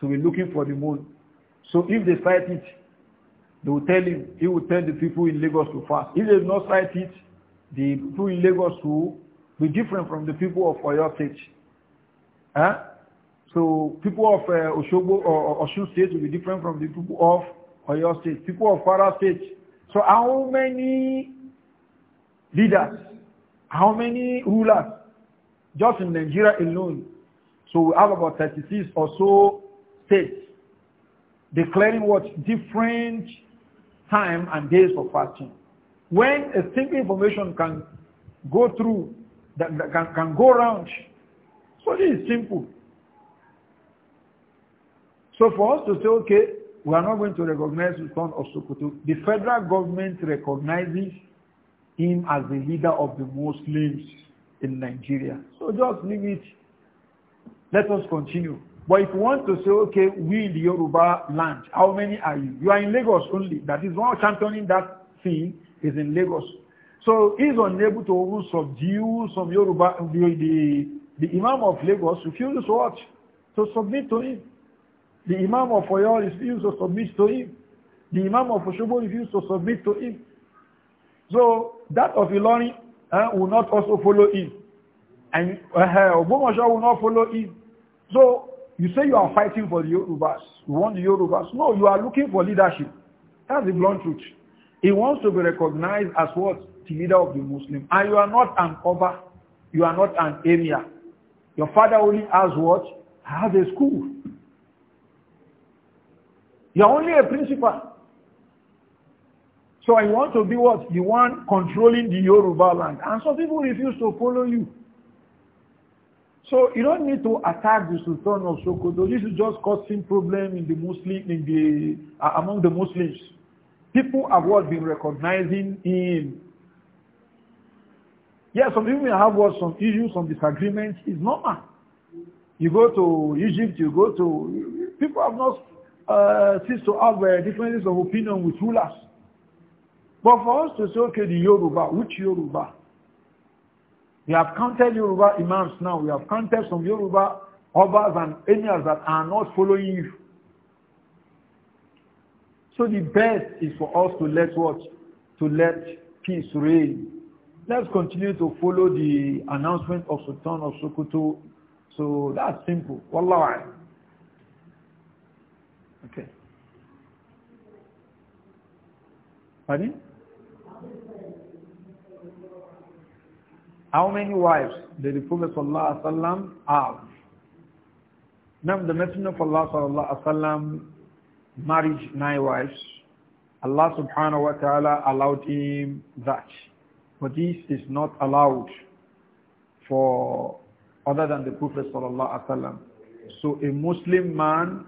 to be looking for the moon. So if they sight it, they will tell him, he will tell the people in Lagos to fast. If they do not sight it, the people in Lagos will be different from the people of Oyo State. Huh? So people of uh, Oshobo or Oshun State will be different from the people of Oyo State, people of Kwara State. So how many leaders, how many rulers just in Nigeria alone. So we have about 36 or so states declaring what different time and days for fasting. When a simple information can go through, that, can, can go around. So this is simple. So for us to say, okay, we are not going to recognize Sultan of Sokoto, the federal government recognizes him as the leader of the Muslims in Nigeria. So just leave it. Let us continue. But if you want to say, okay, we in the Yoruba land, how many are you? You are in Lagos only. That is one championing that thing is in Lagos. So he's unable to subdue some Yoruba, the, the, the Imam of Lagos refuses to watch, to submit to him. The Imam of Oyo refuses to submit to him. The Imam of Oshobo refuses to submit to him. So that of Ilorin uh, will not also follow him. And uh, Obomoshua will not follow him. So you say you are fighting for the Yorubas. You want the Yorubas. No, you are looking for leadership. That's the blunt truth. He wants to be recognized as what? The leader of the Muslim. And you are not an over. You are not an emir. Your father only has what? Has a school. You are only a principal. So I want to be what? The one controlling the Yoruba land. And some people refuse to follow you. So you don't need to attack the Sultan of Sokoto. This is just causing problem in the Muslim, in the, uh, among the Muslims. People have what been recognizing him. Yes, yeah, some people may have what some issues, some disagreements. It's normal. You go to Egypt, you go to people have not uh, ceased to have uh, differences of opinion with rulers. But for us to say, okay, the Yoruba, which Yoruba? We have counted Yoruba imams now. We have counted some Yoruba others and emirs that are not following you. So the best is for us to let what? To let peace reign. Let's continue to follow the announcement of Sultan of Sokoto. So that's simple. Wallah. Okay. Pardon? How many wives did the Prophet sallallahu alaihi wasallam have? Now the Messenger of Allah sallallahu alaihi wasallam married nine wives. Allah subhanahu wa ta'ala allowed him that. But this is not allowed for other than the Prophet sallallahu alaihi wasallam. So a Muslim man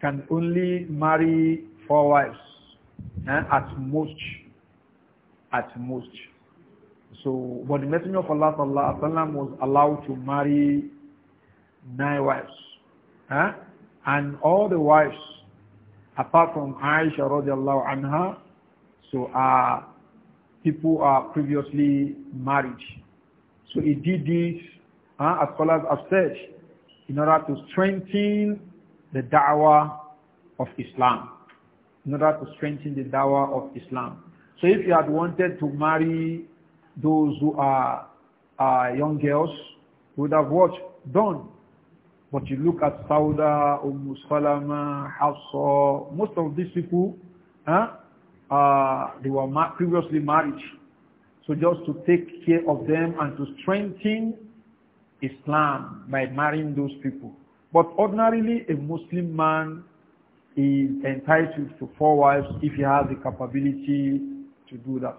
can only marry four wives eh? at most. At most. So, but the Messenger of Allah sallallahu alaihi was allowed to marry nine wives. Huh? And all the wives, apart from Aisha radiallahu anha, so are uh, people are uh, previously married. So he did this, uh, as I have said, in order to strengthen the da'wah of Islam. In order to strengthen the da'wah of Islam. So if you had wanted to marry those who are, are young girls would have watched done. But you look at Sauda, Umm Salama, Hafsa, most of these people, huh? Uh, they were ma previously married. So just to take care of them and to strengthen Islam by marrying those people. But ordinarily, a Muslim man is entitled to four wives if he has the capability to do that.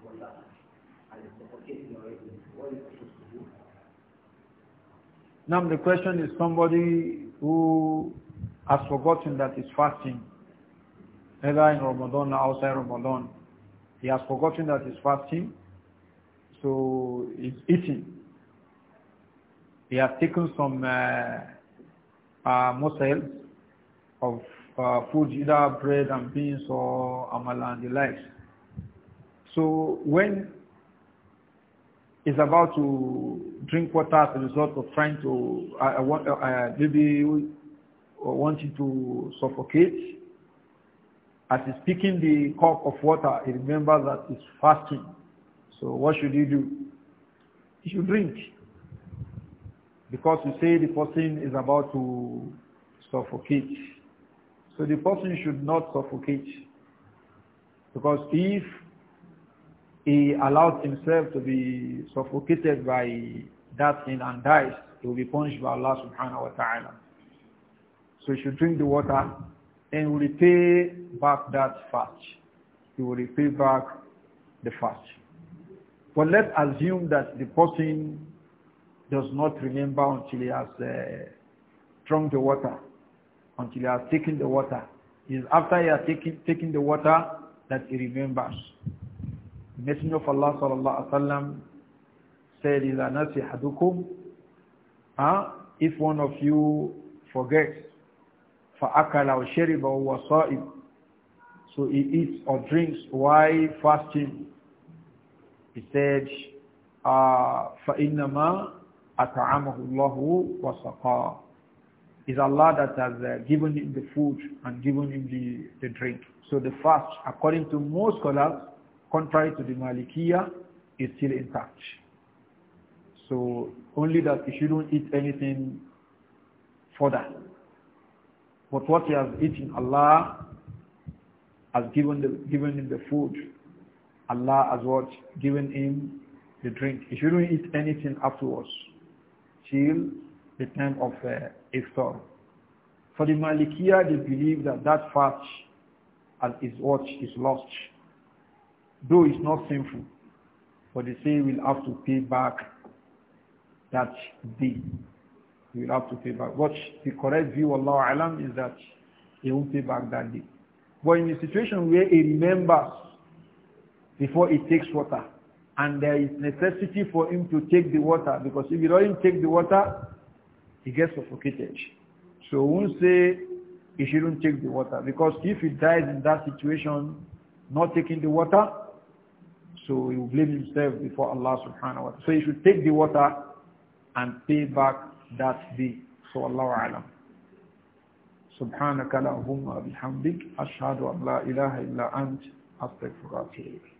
Now the question is somebody who has forgotten that he's fasting, either in Ramadan or outside Ramadan. He has forgotten that he's fasting, so he's eating. He has taken some uh, uh, morsels of uh, food, either bread and beans or amala and the likes. So when is about to drink water as a result of trying to uh, uh, maybe wanting to suffocate. As he's picking the cup of water, he remembers that he's fasting. So what should he do? He should drink. Because you say the person is about to suffocate. So the person should not suffocate. Because if he allowed himself to be suffocated by that sin and dies, he will be punished by Allah subhanahu wa ta'ala. So he should drink the water and will repay back that fast. He will repay back the fast. But let's assume that the person does not remember until he has uh, drunk the water, until he has taken the water. It is after he has taken, taken the water that he remembers. The Messenger of Allah sallallahu alaihi wasallam said, hadukum, if one of you forgets, فَأَكَلَ أَوْ شَرِبَ أَوْ وَصَائِبَ So he eats or drinks while fasting. He said, uh, فَإِنَّمَا أَتَعَمَهُ اللَّهُ وَسَقَاهُ is Allah that has uh, given him the food and given him the, the drink. So the fast, according to most scholars, contrary to the Malikiya, is still intact. So only that he shouldn't eat anything further. But what he has eaten, Allah has given, the, given him the food. Allah has what? Given him the drink. He shouldn't eat anything afterwards till the time of uh, iftar. For the Malikiya, they believe that that fast is what is lost though it's not sinful, but they say we'll have to pay back that day. We'll have to pay back. What the correct view, of Allah Alam, is that he won't pay back that day. But in a situation where he remembers before he takes water, and there is necessity for him to take the water, because if he doesn't take the water, he gets suffocated. So we won't say he shouldn't take the water, because if he dies in that situation, not taking the water, so he will blame himself before Allah subhanahu wa ta'ala. So he should take the water and pay back that day. So Allah alam. سبحانك اللهم بحمدك أشهد أن لا إله إلا أنت أستغفرك